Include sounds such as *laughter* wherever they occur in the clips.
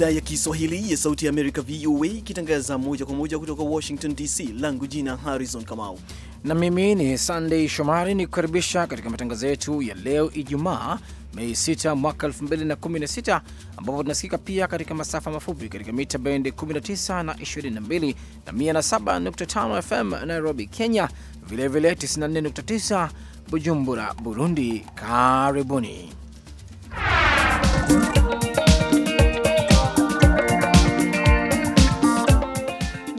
idhaa ya Kiswahili ya Sauti ya Amerika, VOA, ikitangaza moja kwa moja kutoka Washington DC. Langu jina Harrison Kamau na mimi ni Sandey Shomari, ni kukaribisha katika matangazo yetu ya leo Ijumaa, Mei 6 mwaka 2016, ambapo tunasikika pia katika masafa mafupi katika mita bendi 19 na 22 na 107.5 FM Nairobi, Kenya, vilevile 94.9 Bujumbura, Burundi. Karibuni.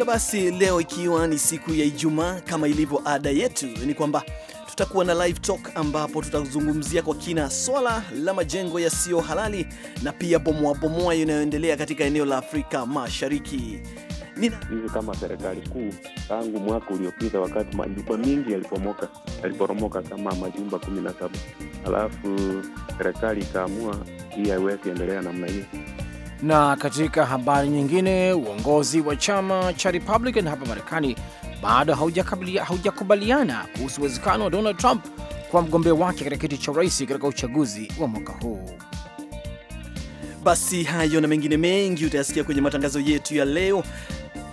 Na basi leo ikiwa ni siku ya Ijumaa, kama ilivyo ada yetu, ni kwamba tutakuwa na live talk ambapo tutazungumzia kwa kina swala la majengo yasiyo halali na pia bomoa bomoa inayoendelea katika eneo la Afrika Mashariki. Nina hivi kama serikali kuu tangu mwaka uliopita, wakati majumba mingi yalipomoka yaliporomoka kama majumba kumi na saba, alafu serikali ikaamua hii haiwezi endelea namna hiyo na katika habari nyingine, uongozi wa chama cha Republican hapa Marekani bado haujakubaliana kuhusu uwezekano wa Donald Trump kwa mgombea wake katika kiti cha urais katika uchaguzi wa mwaka huu. Basi hayo na mengine mengi utayasikia kwenye matangazo yetu ya leo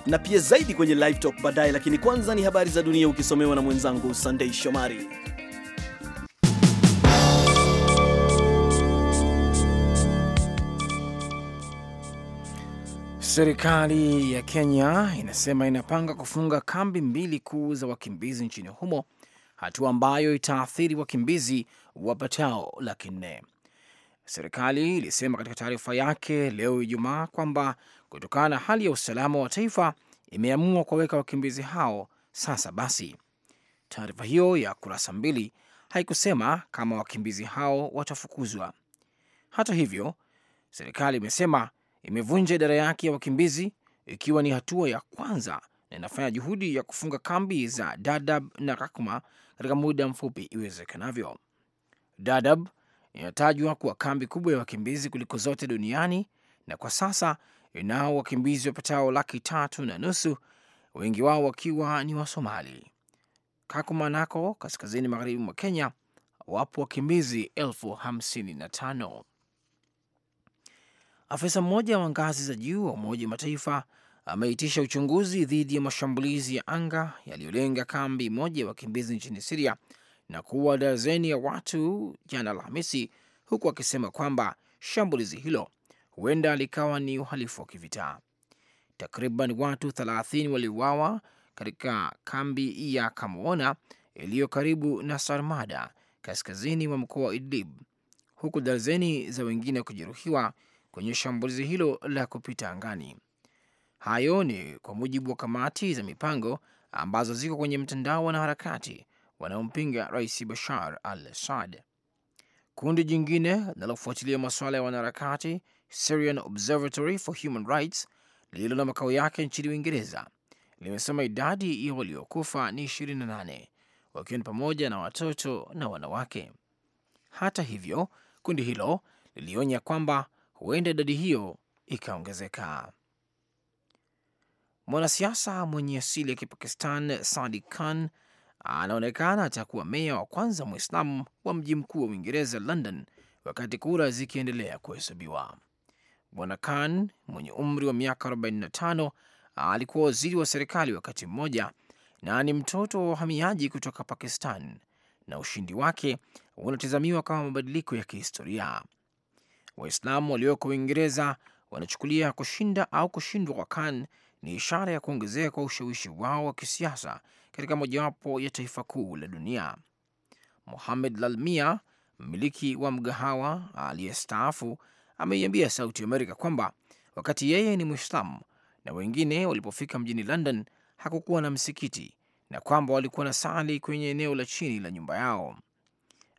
na pia zaidi kwenye live talk baadaye, lakini kwanza ni habari za dunia ukisomewa na mwenzangu Sunday Shomari. Serikali ya Kenya inasema inapanga kufunga kambi mbili kuu za wakimbizi nchini humo, hatua ambayo itaathiri wakimbizi wapatao laki nne. Serikali ilisema katika taarifa yake leo Ijumaa kwamba kutokana na hali ya usalama wa taifa imeamua kuwaweka wakimbizi hao sasa basi. Taarifa hiyo ya kurasa mbili haikusema kama wakimbizi hao watafukuzwa. Hata hivyo, serikali imesema imevunja idara yake ya wakimbizi ikiwa ni hatua ya kwanza na inafanya juhudi ya kufunga kambi za dadab na Rakma katika muda mfupi iwezekanavyo. dadab inatajwa kuwa kambi kubwa ya wakimbizi kuliko zote duniani na kwa sasa inao wakimbizi wapatao laki tatu na nusu, wengi wao wakiwa ni Wasomali. Kakuma nako kaskazini magharibi mwa Kenya wapo wakimbizi elfu hamsini na tano. Afisa mmoja wa ngazi za juu wa Umoja wa Mataifa ameitisha uchunguzi dhidi ya mashambulizi ya anga yaliyolenga kambi moja ya wakimbizi nchini Siria na kuwa darzeni ya watu jana Alhamisi, huku akisema kwamba shambulizi hilo huenda likawa ni uhalifu wa kivita. Takriban watu 30 waliuawa katika kambi ya Kamuona iliyo karibu na Sarmada, kaskazini mwa mkoa wa Idlib, huku darzeni za wengine kujeruhiwa kwenye shambulizi hilo la kupita angani. Hayo ni kwa mujibu wa kamati za mipango ambazo ziko kwenye mtandao wa wanaharakati wanaompinga Rais Bashar al-Assad. Kundi jingine linalofuatilia masuala ya wanaharakati Syrian Observatory for Human Rights lililo na makao yake nchini Uingereza limesema idadi ya waliokufa ni 28 wakiwa ni pamoja na watoto na wanawake. Hata hivyo, kundi hilo lilionya kwamba huenda idadi hiyo ikaongezeka. Mwanasiasa mwenye asili ya Kipakistan sadi Khan anaonekana atakuwa meya wa kwanza Mwislamu wa mji mkuu wa Uingereza, London, wakati kura zikiendelea kuhesabiwa. Bwana Khan mwenye umri wa miaka 45 alikuwa waziri wa serikali wakati mmoja na ni mtoto wa wahamiaji kutoka Pakistan, na ushindi wake unatazamiwa kama mabadiliko ya kihistoria. Waislamu walioko Uingereza wanachukulia kushinda au kushindwa kwa Khan ni ishara ya kuongezeka kwa ushawishi wao wa kisiasa katika mojawapo ya taifa kuu la dunia. muhamed Lalmia, mmiliki wa mgahawa aliyestaafu, ameiambia Sauti Amerika kwamba wakati yeye ni Mwislamu na wengine walipofika mjini London hakukuwa na msikiti na kwamba walikuwa na sali kwenye eneo la chini la nyumba yao.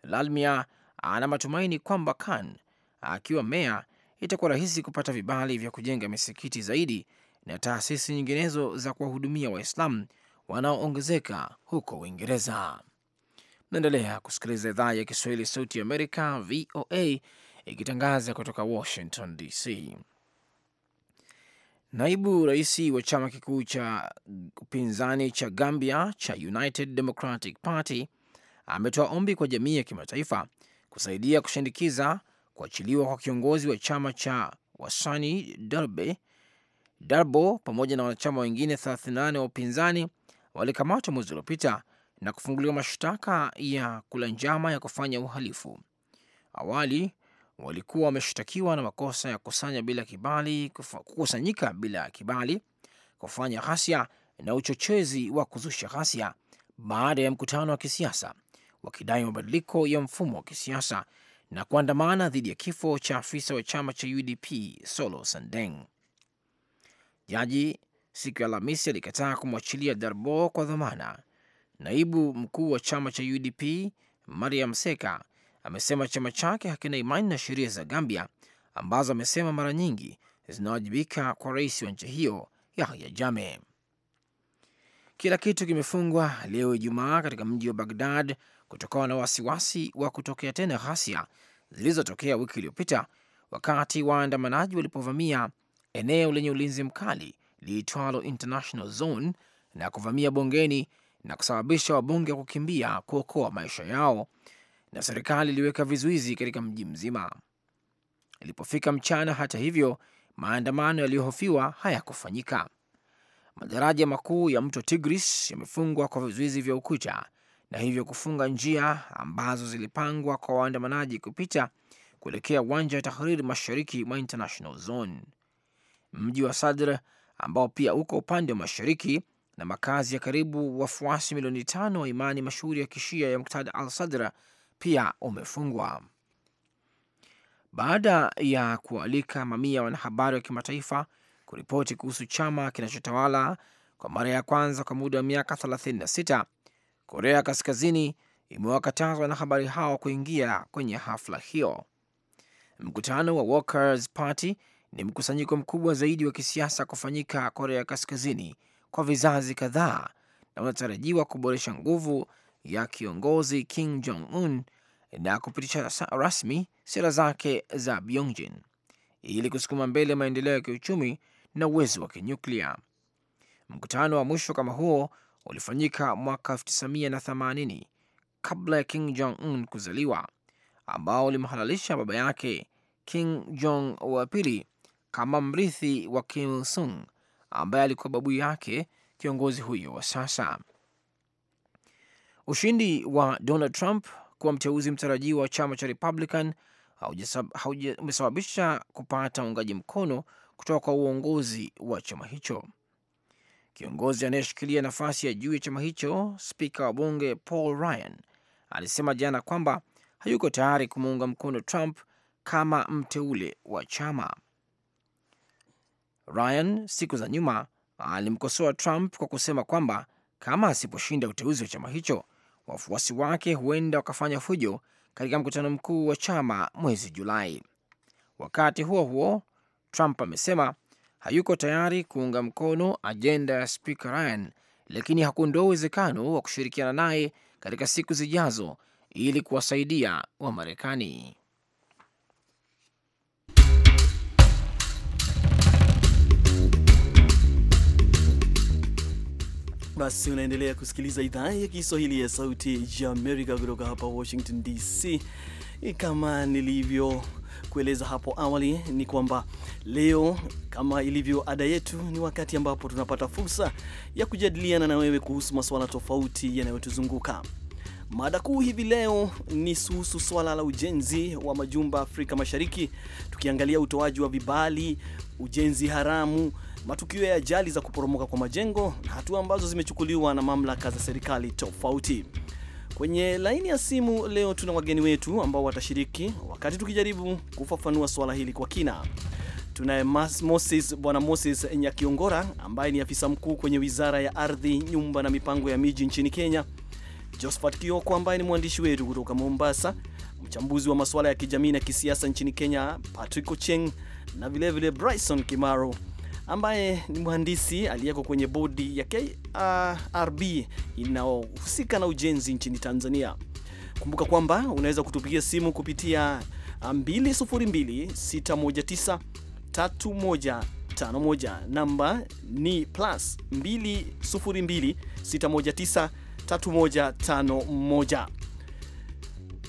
Lalmia ana matumaini kwamba Khan akiwa meya, itakuwa rahisi kupata vibali vya kujenga misikiti zaidi na taasisi nyinginezo za kuwahudumia Waislamu wanaoongezeka huko Uingereza. Mnaendelea kusikiliza idhaa ya Kiswahili Sauti ya Amerika, VOA, ikitangaza kutoka Washington DC. Naibu rais wa chama kikuu cha upinzani cha Gambia cha United Democratic Party ametoa ombi kwa jamii ya kimataifa kusaidia kushindikiza kuachiliwa kwa kiongozi wa chama cha Wasani Darbe Darbo pamoja na wanachama wengine 38 wa upinzani walikamatwa mwezi uliopita na kufunguliwa mashtaka ya kula njama ya kufanya uhalifu. Awali walikuwa wameshtakiwa na makosa ya kusanya bila kibali, kukusanyika bila kibali, kufanya ghasia na uchochezi wa kuzusha ghasia baada ya mkutano wa kisiasa, wakidai mabadiliko ya mfumo wa kisiasa na kuandamana dhidi ya kifo cha afisa wa chama cha UDP Solo Sandeng. Jaji siku ya Alhamisi alikataa kumwachilia Darbo kwa dhamana. Naibu mkuu wa chama cha UDP Mariam Seka amesema chama chake hakina imani na sheria za Gambia ambazo amesema mara nyingi zinawajibika kwa rais wa nchi hiyo Yahya Jammeh. Kila kitu kimefungwa leo Ijumaa katika mji wa Bagdad kutokana na wasiwasi wa kutokea tena ghasia zilizotokea wiki iliyopita wakati waandamanaji walipovamia eneo lenye ulinzi mkali liitwalo International Zone na kuvamia bungeni na kusababisha wabunge wa kukimbia kuokoa maisha yao, na serikali iliweka vizuizi katika mji mzima. Ilipofika mchana, hata hivyo, maandamano yaliyohofiwa hayakufanyika. Madaraja makuu ya mto Tigris yamefungwa kwa vizuizi vya ukuta na hivyo kufunga njia ambazo zilipangwa kwa waandamanaji kupita kuelekea uwanja wa Tahriri mashariki mwa International Zone. Mji wa Sadr ambao pia uko upande wa mashariki na makazi ya karibu wafuasi milioni tano wa imani mashuhuri ya kishia ya Muktada al Sadra pia umefungwa. Baada ya kualika mamia wanahabari wa kimataifa kuripoti kuhusu chama kinachotawala kwa mara ya kwanza kwa muda wa miaka Korea Kaskazini imewakataza wanahabari hao kuingia kwenye hafla hiyo. Mkutano wa Workers Party ni mkusanyiko mkubwa zaidi wa kisiasa kufanyika Korea Kaskazini kwa vizazi kadhaa na unatarajiwa kuboresha nguvu ya kiongozi Kim Jong Un na kupitisha rasmi sera zake za Pyongyang ili kusukuma mbele maendeleo ya kiuchumi na uwezo wa kinyuklia. Mkutano wa mwisho kama huo ulifanyika mwaka 1980 kabla ya king Jong Un kuzaliwa, ambao ulimhalalisha baba yake king Jong wa pili kama mrithi wa Kim Il Sung ambaye alikuwa babu yake kiongozi huyo wa sasa. Ushindi wa Donald Trump kuwa mteuzi mtarajiwa wa chama cha Republican umesababisha kupata uungaji mkono kutoka kwa uongozi wa chama hicho. Kiongozi anayeshikilia nafasi ya juu ya chama hicho, spika wa bunge Paul Ryan, alisema jana kwamba hayuko tayari kumuunga mkono Trump kama mteule wa chama. Ryan siku za nyuma alimkosoa Trump kwa kusema kwamba kama asiposhinda uteuzi wa chama hicho, wafuasi wake huenda wakafanya fujo katika mkutano mkuu wa chama mwezi Julai. Wakati huo huo, Trump amesema hayuko tayari kuunga mkono ajenda ya Spika Ryan, lakini hakundoa uwezekano wa kushirikiana naye katika siku zijazo ili kuwasaidia wa marekani Basi unaendelea kusikiliza idhaa ya Kiswahili ya Sauti ya Amerika kutoka hapa Washington DC. Kama nilivyo kueleza hapo awali ni kwamba leo kama ilivyo ada yetu, ni wakati ambapo tunapata fursa ya kujadiliana na wewe kuhusu masuala tofauti yanayotuzunguka. Mada kuu hivi leo ni kuhusu swala la ujenzi wa majumba Afrika Mashariki, tukiangalia utoaji wa vibali, ujenzi haramu, matukio ya ajali za kuporomoka kwa majengo na hatua ambazo zimechukuliwa na mamlaka za serikali tofauti. Kwenye laini ya simu leo tuna wageni wetu ambao watashiriki wakati tukijaribu kufafanua swala hili kwa kina. Tunaye Moses, Bwana Moses Nyakiongora ambaye ni afisa mkuu kwenye Wizara ya Ardhi, Nyumba na Mipango ya Miji nchini Kenya, Josephat Kioko ambaye ni mwandishi wetu kutoka Mombasa, mchambuzi wa masuala ya kijamii na kisiasa nchini Kenya Patrick Ocheng na vilevile Bryson Kimaro ambaye ni mhandisi aliyeko kwenye bodi ya KRB inayohusika na ujenzi nchini Tanzania. Kumbuka kwamba unaweza kutupigia simu kupitia 2026193151 ah, namba ni plus 2026193151.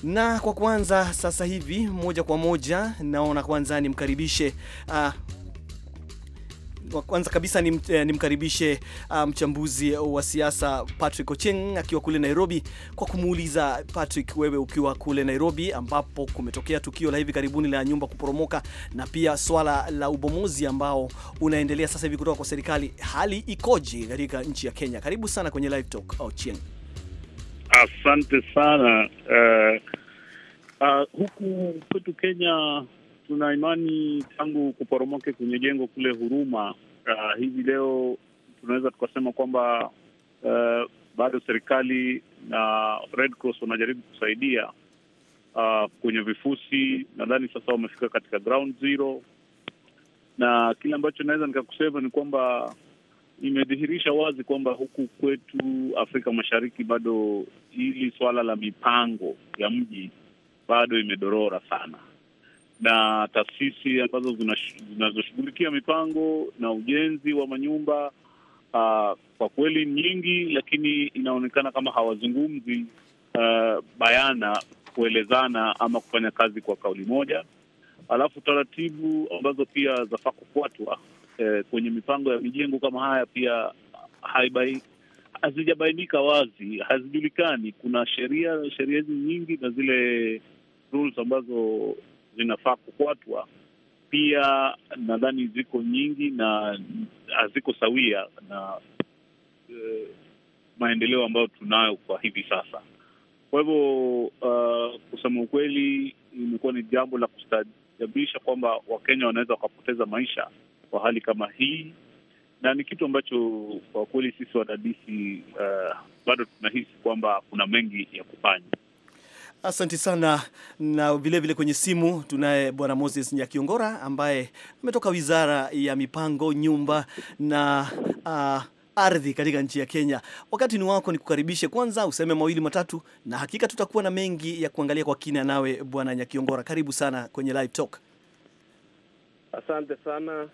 Na kwa kwanza sasa hivi moja kwa moja naona kwanza nimkaribishe uh, kwanza kabisa eh, nimkaribishe ni ah, mchambuzi um, wa siasa Patrick Ocheng akiwa kule Nairobi, kwa kumuuliza Patrick, wewe ukiwa kule Nairobi ambapo kumetokea tukio la hivi karibuni la nyumba kuporomoka na pia swala la ubomozi ambao unaendelea sasa hivi kutoka kwa serikali, hali ikoje katika nchi ya Kenya? Karibu sana kwenye Live Talk Ocheng. Asante sana uh, uh, huku kwetu Kenya tuna imani tangu kuporomoke kwenye jengo kule Huruma, uh, hivi leo tunaweza tukasema kwamba uh, bado serikali na Red Cross wanajaribu kusaidia uh, kwenye vifusi. Nadhani sasa wamefika katika ground zero, na kile ambacho naweza nikakusema ni kwamba imedhihirisha wazi kwamba huku kwetu Afrika Mashariki bado hili swala la mipango ya mji bado imedorora sana na taasisi ambazo zinazoshughulikia mipango na ujenzi wa manyumba uh, kwa kweli nyingi, lakini inaonekana kama hawazungumzi uh, bayana kuelezana ama kufanya kazi kwa kauli moja. Alafu taratibu ambazo pia zafaa kufuatwa eh, kwenye mipango ya mijengo kama haya pia haibai hazijabainika wazi, hazijulikani. Kuna sheria sheria hizi nyingi na zile rules ambazo zinafaa kufuatwa. Pia nadhani ziko nyingi na haziko sawia na e, maendeleo ambayo tunayo kwa hivi sasa. Kwa hivyo uh, kusema ukweli, imekuwa ni jambo la kustajabisha kwamba Wakenya wanaweza wakapoteza maisha kwa hali kama hii, na ni kitu ambacho kwa kweli sisi wadadisi uh, bado tunahisi kwamba kuna mengi ya kufanya. Asante sana. Na vilevile vile kwenye simu tunaye Bwana Moses Nyakiongora ambaye ametoka Wizara ya Mipango, Nyumba na uh, ardhi katika nchi ya Kenya. Wakati ni wako, nikukaribishe kwanza, useme mawili matatu, na hakika tutakuwa na mengi ya kuangalia kwa kina nawe Bwana Nyakiongora. Karibu sana kwenye live talk. Asante sana.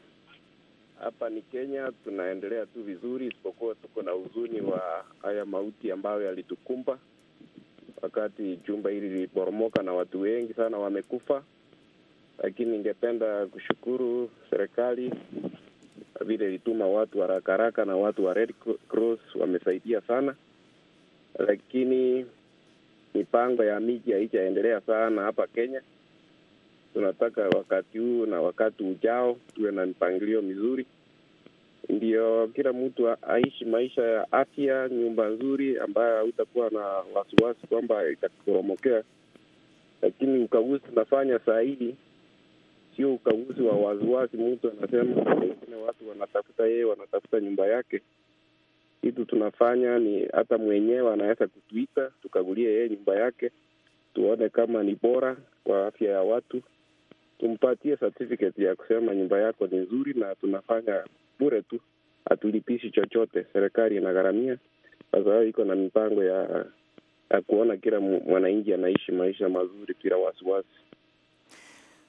Hapa ni Kenya, tunaendelea tu vizuri, isipokuwa tuko na huzuni wa haya mauti ambayo yalitukumba wakati jumba hili liliporomoka na watu wengi sana wamekufa, lakini ningependa kushukuru serikali vile ilituma watu haraka haraka na watu wa Red Cross wamesaidia sana, lakini mipango ya miji haijaendelea sana hapa Kenya. Tunataka wakati huu na wakati ujao tuwe na mipangilio mizuri ndio kila mtu aishi maisha ya afya, nyumba nzuri ambayo hautakuwa na wasiwasi kwamba itakuporomokea. Lakini ukaguzi tunafanya saa hii sio ukaguzi wa wasiwasi, mtu anasema, wengine watu wanatafuta yeye, wanatafuta nyumba yake. Kitu tunafanya ni hata mwenyewe anaweza kutuita tukagulie yeye nyumba yake, tuone kama ni bora kwa afya ya watu, tumpatie certificate ya kusema nyumba yako ni nzuri, na tunafanya bure tu, hatulipishi chochote, serikali inagharamia, kwa sababu iko na mipango ya, ya kuona kila mwananchi anaishi maisha mazuri bila wasiwasi.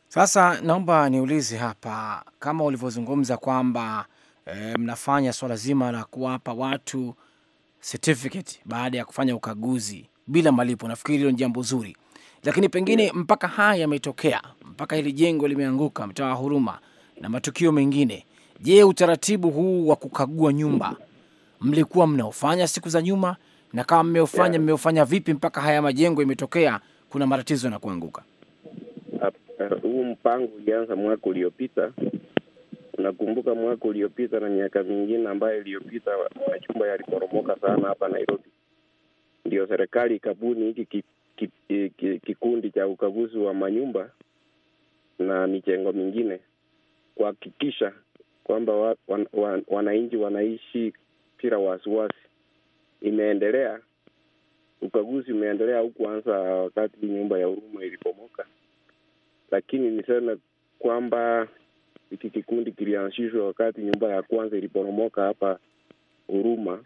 Sasa naomba niulize hapa, kama ulivyozungumza kwamba e, mnafanya swala zima la kuwapa watu certificate baada ya kufanya ukaguzi bila malipo. Nafikiri hilo ni jambo zuri, lakini pengine mpaka haya yametokea, mpaka hili jengo limeanguka, mtaa wa Huruma na matukio mengine, Je, utaratibu huu wa kukagua nyumba mlikuwa mnaofanya siku za nyuma, na kama mmeofanya, mmeofanya vipi mpaka haya majengo imetokea kuna matatizo na kuanguka? Huu mpango ulianza mwaka uliopita. Nakumbuka mwaka uliopita na miaka mingine ambayo iliyopita, majumba yaliporomoka sana hapa Nairobi. Ndio serikali ikabuni hiki ki, ki, ki, ki, kikundi cha ukaguzi wa manyumba na michengo mingine kuhakikisha kwamba wa, wan, wan, wananchi wanaishi bila wasiwasi. Imeendelea, ukaguzi umeendelea huku kuanza wakati nyumba ya huruma ilipomoka, lakini niseme kwamba hiki kikundi kilianzishwa wakati nyumba ya kwanza iliporomoka hapa Huruma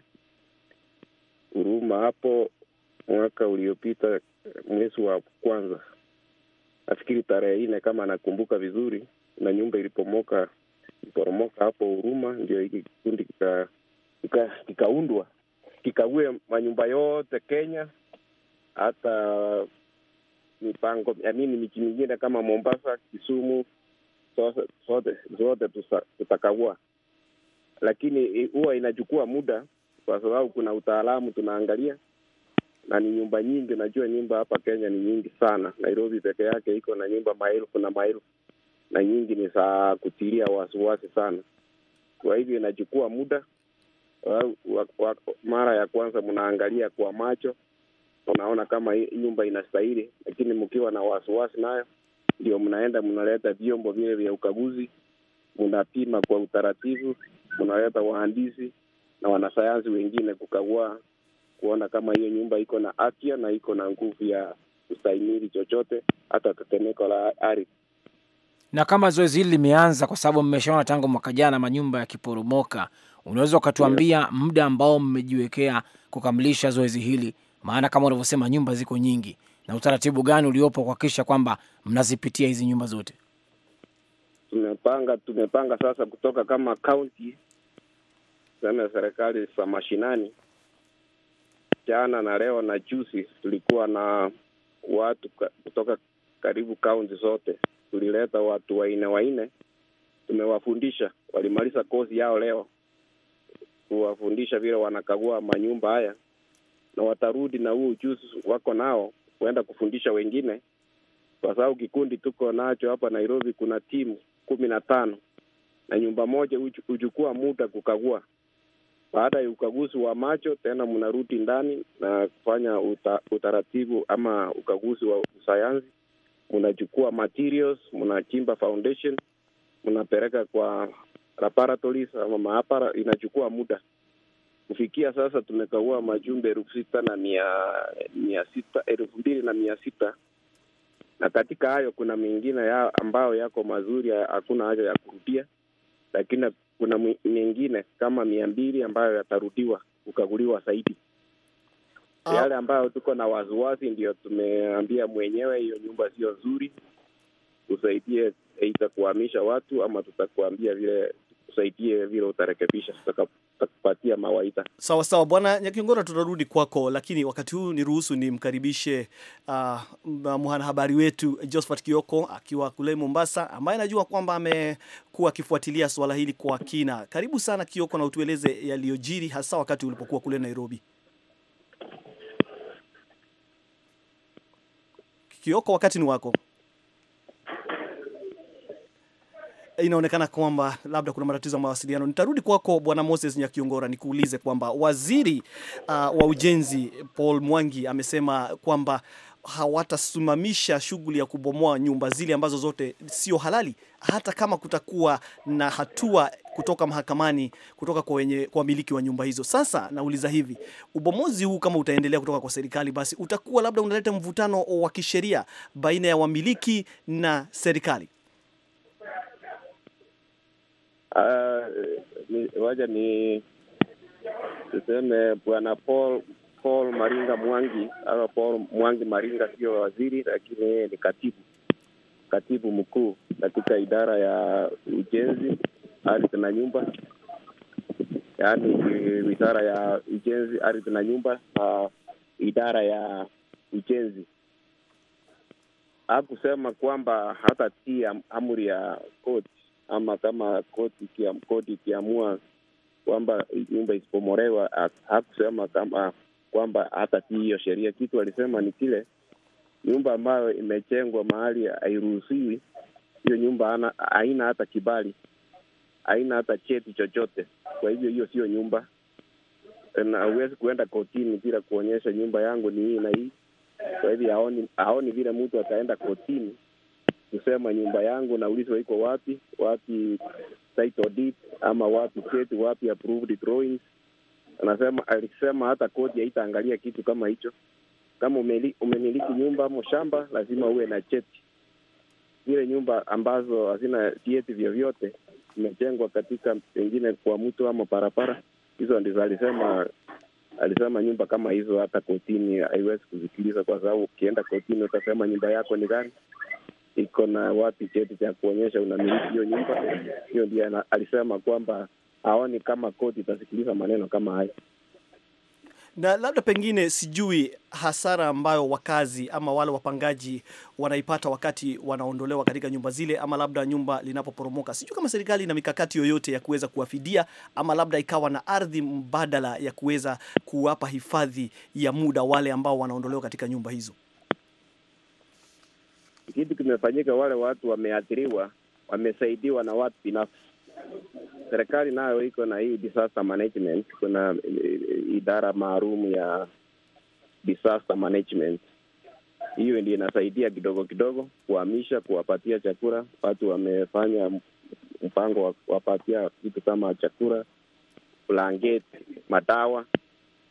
Huruma hapo mwaka uliopita mwezi wa kwanza, nafikiri tarehe nne kama nakumbuka vizuri, na nyumba ilipomoka kuporomoka hapo Huruma, ndio hiki kikundi kikaundwa kika kikague manyumba yote Kenya, hata mipango amini miji mingine kama Mombasa, Kisumu, zote zote tutakagua, lakini huwa inachukua muda kwa sababu kuna utaalamu tunaangalia, na ni nyumba nyingi. Najua nyumba hapa Kenya ni nyingi sana. Nairobi peke yake iko na nyumba maelfu na maelfu na nyingi ni za kutilia wasiwasi sana. Kwa hivyo inachukua muda. Mara ya kwanza mnaangalia kwa macho, unaona kama nyumba inastahili, lakini mkiwa na wasiwasi nayo, ndio mnaenda mnaleta vyombo vile vya ukaguzi, mnapima kwa utaratibu, mnaleta wahandisi na wanasayansi wengine kukagua, kuona kama hiyo nyumba iko na afya na iko na nguvu ya kustahimili chochote, hata tetemeko la ardhi na kama zoezi hili limeanza, kwa sababu mmeshaona tangu mwaka jana manyumba yakiporomoka, unaweza ukatuambia muda ambao mmejiwekea kukamilisha zoezi hili? Maana kama unavyosema nyumba ziko nyingi, na utaratibu gani uliopo kuhakikisha kwamba mnazipitia hizi nyumba zote? Tumepanga tumepanga sasa kutoka kama kaunti, tuseme serikali za mashinani, jana na leo na juzi tulikuwa na watu kutoka karibu kaunti zote tulileta watu waine waine, tumewafundisha, walimaliza kozi yao leo, kuwafundisha vile wanakagua manyumba haya, na watarudi na huu ujuzi wako nao kuenda kufundisha wengine, kwa sababu kikundi tuko nacho hapa Nairobi kuna timu kumi na tano na nyumba moja huchukua muda kukagua. Baada ya ukaguzi wa macho, tena mnarudi ndani na kufanya uta, utaratibu ama ukaguzi wa usayansi mnachukua materials, mnachimba foundation, mnapeleka kwa laboratories ama maabara, inachukua muda kufikia sasa. Tumekagua majumbe elfu sita na mia, mia sita elfu mbili na mia sita na katika hayo kuna mengine ya ambayo yako mazuri, hakuna haja ya kurudia, lakini kuna mengine kama mia mbili ambayo yatarudiwa kukaguliwa zaidi ah, yale ambayo tuko na waziwazi ndio tumeambia mwenyewe hiyo nyumba sio nzuri, usaidie aidha kuhamisha watu ama tutakuambia vile tusaidie vile utarekebisha, tutakupatia mawaidha. Sawa sawa, Bwana Nyakingora, tunarudi kwako, lakini wakati huu ni ruhusu nimkaribishe uh, mwanahabari wetu Josephat Kioko akiwa kule Mombasa, ambaye najua kwamba amekuwa akifuatilia swala hili kwa kina. Karibu sana Kioko, na utueleze yaliyojiri hasa wakati ulipokuwa kule Nairobi. Kioko, wakati ni wako. Inaonekana kwamba labda kuna matatizo ya mawasiliano. Nitarudi kwako Bwana Moses Nyakiongora nikuulize kwamba waziri uh, wa ujenzi Paul Mwangi amesema kwamba hawatasimamisha shughuli ya kubomoa nyumba zile ambazo zote sio halali, hata kama kutakuwa na hatua kutoka mahakamani kutoka kwa wenye kwa miliki wa nyumba hizo. Sasa nauliza hivi, ubomozi huu kama utaendelea kutoka kwa serikali, basi utakuwa labda unaleta mvutano wa kisheria baina ya wamiliki na serikali. Uh, ah, waja ni tuseme Bwana Paul Paul Maringa Mwangi au Paul Mwangi Maringa sio waziri, lakini yeye ni katibu katibu mkuu katika idara ya ujenzi, ardhi na nyumba, yaani wizara ya ujenzi, ardhi na nyumba na idara ya ujenzi. Hakusema kwamba hata am, amri ya koti ama kama koti ikiamua kwamba nyumba isipomorewa hakusema kama kwamba hata si hiyo sheria. Kitu alisema ni kile nyumba ambayo imechengwa mahali hairuhusiwi, hiyo nyumba ana, haina hata kibali, haina hata cheti chochote. Kwa hivyo hiyo sio nyumba, na huwezi kuenda kotini bila kuonyesha nyumba yangu ni hii na hii. Kwa hivyo haoni, haoni vile mtu ataenda kotini kusema nyumba yangu naulizwa iko wapi, wapi title deed ama wapi cheti, wapi approved drawings anasema alisema hata kodi haitaangalia kitu kama hicho. Kama umemiliki nyumba ama shamba, lazima uwe na cheti. Zile nyumba ambazo hazina vyeti vyovyote, imejengwa katika pengine kwa mtu ama barabara, hizo ndizo alisema alisema nyumba kama hizo hata kotini haiwezi kuzikiliza kwa sababu ukienda kotini utasema nyumba yako ni gani, iko na wapi cheti cha kuonyesha unamiliki hiyo nyumba. Hiyo ndio alisema kwamba haoni kama koti itasikiliza maneno kama haya na labda pengine sijui hasara ambayo wakazi ama wale wapangaji wanaipata wakati wanaondolewa katika nyumba zile, ama labda nyumba linapoporomoka. Sijui kama serikali ina mikakati yoyote ya kuweza kuwafidia, ama labda ikawa na ardhi mbadala ya kuweza kuwapa hifadhi ya muda wale ambao wanaondolewa katika nyumba hizo. Kitu kimefanyika, wale watu wameathiriwa, wamesaidiwa na watu binafsi serikali nayo iko na hii disaster management. Kuna eh, eh, idara maalum ya disaster management, hiyo ndio inasaidia kidogo kidogo kuhamisha, kuwapatia chakula watu. Wamefanya mpango wa kuwapatia vitu kama chakula, blanketi, madawa,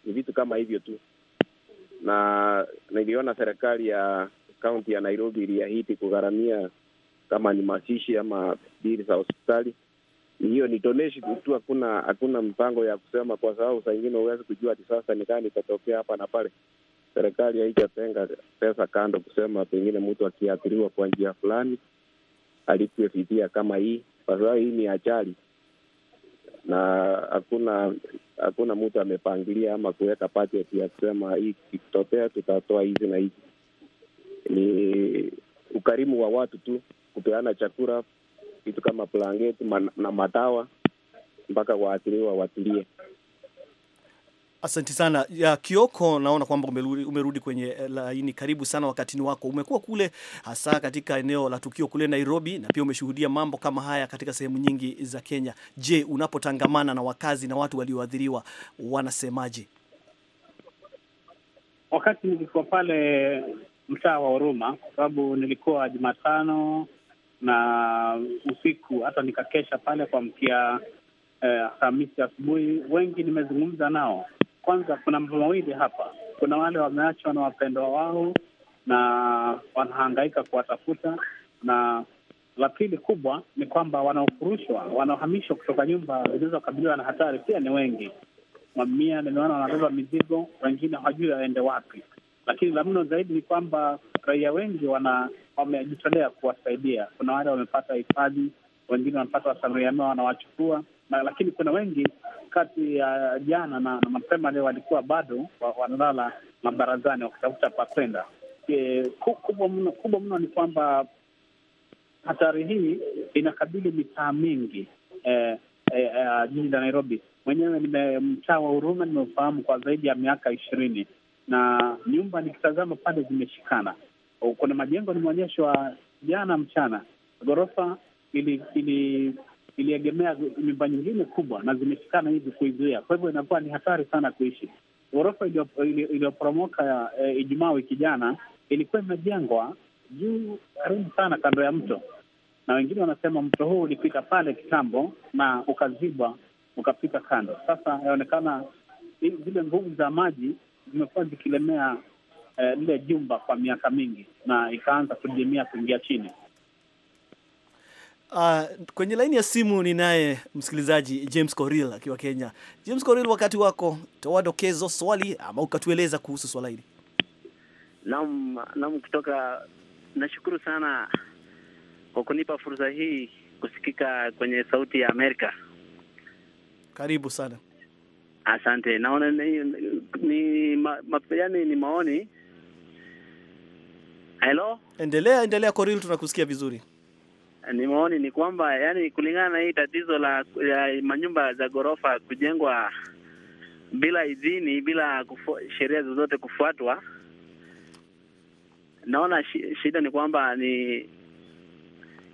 ni vitu kama hivyo tu, na niliona serikali ya kaunti ya Nairobi iliahidi kugharamia kama ni mazishi ama bili za hospitali hiyo ni donation tu, hakuna hakuna mpango ya kusema, kwa sababu saa ingine huwezi kujua hadi sasa ni gani itatokea hapa na pale. Serikali haijatenga pesa kando kusema pengine mtu akiathiriwa kwa njia fulani alipwe fidia kama hii, kwa sababu hii ni ajali na hakuna hakuna mtu amepangilia ama kuweka budget ya kusema hii kikitokea tutatoa hizi na hizi. Ni ukarimu wa watu tu kupeana chakula vitu kama blanketi na madawa mpaka waathiriwa watulie. Asante sana ya Kioko, naona kwamba umerudi, umerudi kwenye eh, laini. Karibu sana, wakatini wako umekuwa kule, hasa katika eneo la tukio kule Nairobi, na pia umeshuhudia mambo kama haya katika sehemu nyingi za Kenya. Je, unapotangamana na wakazi na watu walioathiriwa wanasemaje? Wakati nilikuwa pale mtaa wa Huruma, kwa sababu nilikuwa Jumatano na usiku, hata nikakesha pale kwa eh, Alhamisi eh, asubuhi. Wengi nimezungumza nao. Kwanza kuna mambo mawili hapa, kuna wale wameachwa na wapendwa wao na wanahangaika kuwatafuta, na la pili kubwa ni kwamba wanaofurushwa, wanaohamishwa kutoka nyumba zilizokabiliwa na hatari pia ni wengi. Mamia nimeona wanabeba mizigo, wengine hawajui waende wapi. Lakini la mno zaidi ni kwamba raia wengi wana wamejitolea kuwasaidia. Kuna wale wamepata hifadhi, wengine wanapata wasamaria wanawachukua na, lakini kuna wengi kati ya uh, jana na, na mapema leo walikuwa bado wanalala wa mabarazani wakitafuta pakwenda. E, kubwa mno, ni kwamba hatari hii inakabili mitaa mingi e, eh, e, eh, e, eh, jiji la Nairobi. Mwenyewe nime mtaa wa Huruma nimeufahamu kwa zaidi ya miaka ishirini na nyumba nikitazama pale zimeshikana kuna majengo nimeonyeshwa jana mchana, ghorofa ili, ili iliegemea nyumba nyingine kubwa na zimeshikana hivi kuizuia. Kwa hivyo inakuwa ni hatari sana kuishi. Ghorofa iliyoporomoka e, Ijumaa wiki jana ilikuwa imejengwa juu karibu sana kando ya mto, na wengine wanasema mto huu ulipita pale kitambo na ukazibwa ukapita kando. Sasa inaonekana zile nguvu za maji zimekuwa zikilemea Eh, lile jumba kwa miaka mingi na ikaanza kujimia kuingia chini. Uh, kwenye laini ya simu ni naye msikilizaji James Koril akiwa Kenya. James Koril, wakati wako, toa dokezo swali ama ukatueleza kuhusu swala hili. Naam, naam, kutoka nashukuru sana kwa kunipa fursa hii kusikika kwenye Sauti ya Amerika. Karibu sana. Asante. Naona ni, ni, ma, ma, yani, ni maoni Hello? Endelea, endelea Koril, tunakusikia vizuri. Ni maoni ni kwamba yani, kulingana na hii tatizo la manyumba za ghorofa kujengwa bila idhini, bila sheria zozote kufuatwa, naona shida ni kwamba ni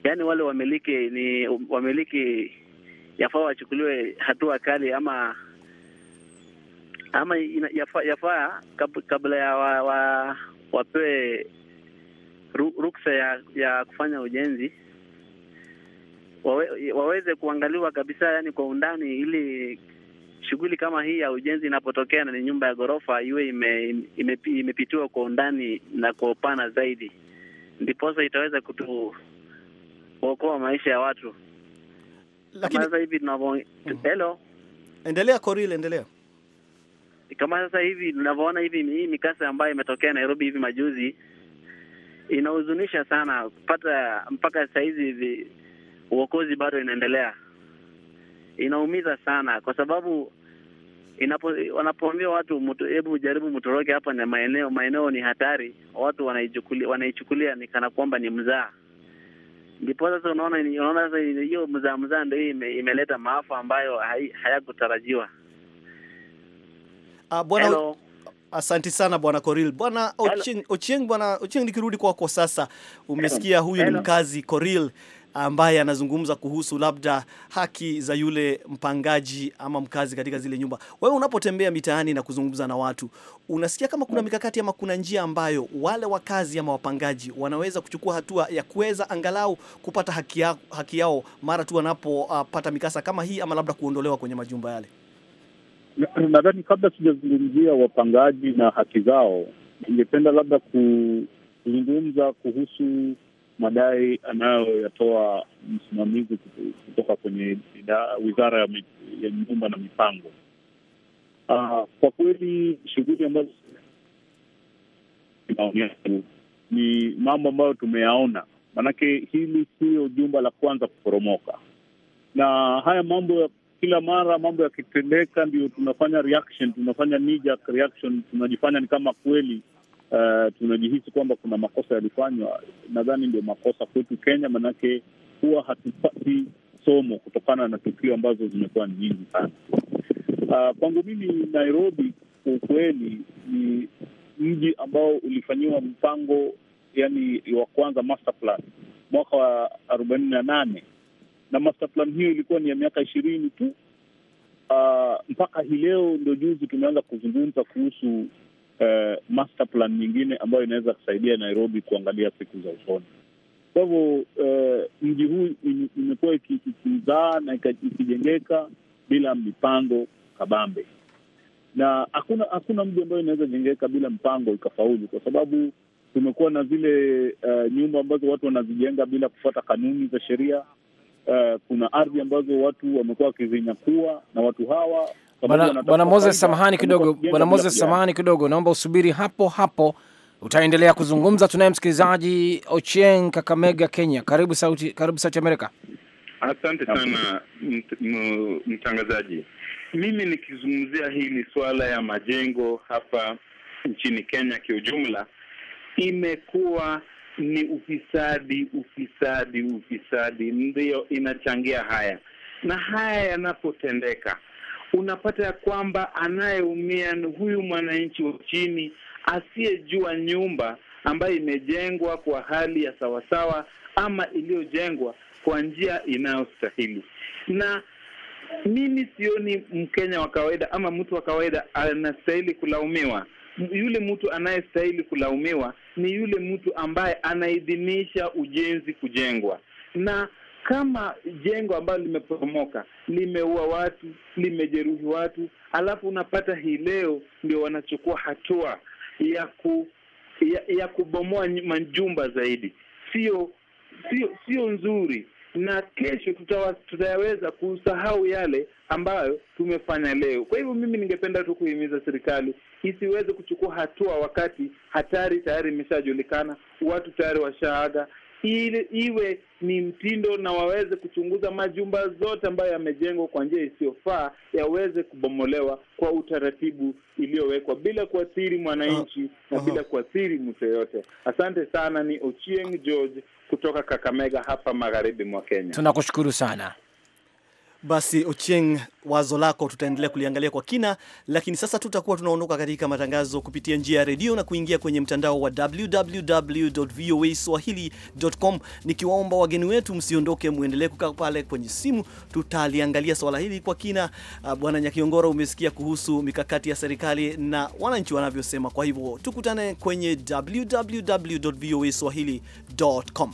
yani, wale wamiliki ni wamiliki, yafaa wachukuliwe hatua kali, ama ama yafaa yafaa kabla ya wa, wa, wapewe ruksa ya, ya kufanya ujenzi wawe, waweze kuangaliwa kabisa, yani kwa undani, ili shughuli kama hii ya ujenzi inapotokea na ni nyumba ya ghorofa iwe imepitiwa ime, ime kwa undani na kwa upana zaidi, ndiposa itaweza kutu kuokoa maisha ya watu. Lakini sasa hivi tunavyo mm-hmm. hello, endelea Korile, endelea kama sasa hivi tunavyoona hivi, hii mikasa ambayo imetokea Nairobi hivi majuzi inahuzunisha sana kupata mpaka saa hizi uokozi bado inaendelea. Inaumiza sana kwa sababu inapo, wanapoambia watu hebu jaribu mtoroke hapa na maeneo maeneo ni hatari, watu wanaichukulia ni kana kwamba ni mzaa. Ndipo sasa unaona unaona sasa hiyo mzaa mzaa ndio hii ime, imeleta maafa ambayo hayakutarajiwa. Uh, bwana Asanti sana bwana Koril. Bwana Ochieng, Ochieng, bwana Ochieng, nikirudi kwako sasa, umesikia huyu ni mkazi Koril ambaye anazungumza kuhusu labda haki za yule mpangaji ama mkazi katika zile nyumba. Wewe unapotembea mitaani na kuzungumza na watu, unasikia kama kuna mikakati ama kuna njia ambayo wale wakazi ama wapangaji wanaweza kuchukua hatua ya kuweza angalau kupata haki yao, haki yao mara tu wanapopata uh, mikasa kama hii ama labda kuondolewa kwenye majumba yale? nadhani kabla tujazungumzia wapangaji na haki zao, ningependa labda kuzungumza kuhusu madai anayoyatoa msimamizi kutoka kwenye wizara ya, ya nyumba na mipango. Aa, ah, kwa kweli shughuli ambazo maoni yangu ni mambo ambayo tumeyaona, maanake hili siyo jumba la kwanza kuporomoka, na haya mambo ya kila mara mambo yakitendeka ndio tunafanya reaction, tunafanya knee-jerk reaction, tunajifanya ni kama kweli uh, tunajihisi kwamba kuna makosa yalifanywa. Nadhani ndio makosa kwetu Kenya, manake huwa hatupati somo kutokana na tukio ambazo zimekuwa ni nyingi sana. Uh, kwangu mimi Nairobi kwa ukweli ni mji ambao ulifanyiwa mpango yani wa kwanza master plan mwaka wa arobaini na nane na master plan hiyo ilikuwa ni ya miaka ishirini tu. Uh, mpaka hii leo ndo juzi tumeanza kuzungumza kuhusu uh, master plan nyingine ambayo inaweza kusaidia Nairobi kuangalia siku za usoni. Kwa hivyo uh, mji huu imekuwa ikizaa na ikijengeka bila mipango kabambe, na hakuna hakuna mji ambayo inaweza jengeka bila mpango ikafaulu, kwa sababu tumekuwa na zile uh, nyumba ambazo watu wanazijenga bila kufuata kanuni za sheria uh, kuna ardhi ambazo watu wamekuwa wakizinyakua na watu hawa Bwana Moses, samahani kidogo, Bwana Moses, samahani kidogo, naomba usubiri hapo hapo, utaendelea kuzungumza. Tunaye msikilizaji Ochieng Kakamega, Kenya. Karibu sauti, karibu Sauti Amerika. Asante sana mtangazaji. Mimi nikizungumzia hili swala ya majengo hapa nchini Kenya kiujumla, imekuwa ni ufisadi, ufisadi, ufisadi ndiyo inachangia haya, na haya yanapotendeka unapata ya kwamba anayeumia ni huyu mwananchi wa chini asiyejua nyumba ambayo imejengwa kwa hali ya sawasawa ama iliyojengwa kwa njia inayostahili. Na mimi sioni Mkenya wa kawaida ama mtu wa kawaida anastahili kulaumiwa yule mtu anayestahili kulaumiwa ni yule mtu ambaye anaidhinisha ujenzi kujengwa na kama jengo ambalo limeporomoka limeua watu, limejeruhi watu, alafu unapata hii leo ndio wanachukua hatua ya ku, ya, ya kubomoa majumba zaidi, sio sio sio nzuri na kesho tutaweza kusahau yale ambayo tumefanya leo. Kwa hivyo mimi ningependa tu kuhimiza serikali isiweze kuchukua hatua wakati hatari tayari imeshajulikana, watu tayari washaaga, ili iwe ni mtindo na waweze kuchunguza majumba zote ambayo yamejengwa kwa njia isiyofaa yaweze kubomolewa kwa utaratibu iliyowekwa bila kuathiri mwananchi uh, na uh -huh. bila ah. kuathiri mtu yoyote. Asante sana, ni Ochieng George kutoka Kakamega hapa magharibi mwa Kenya. Tunakushukuru sana. Basi ocheng wazo lako tutaendelea kuliangalia kwa kina, lakini sasa tutakuwa tunaondoka katika matangazo kupitia njia ya redio na kuingia kwenye mtandao wa www.voaswahili.com, nikiwaomba wageni wetu msiondoke, mwendelee kukaa pale kwenye simu. Tutaliangalia swala hili kwa kina. Ah, Bwana Nyakiongoro, umesikia kuhusu mikakati ya serikali na wananchi wanavyosema. Kwa hivyo tukutane kwenye www.voaswahili.com.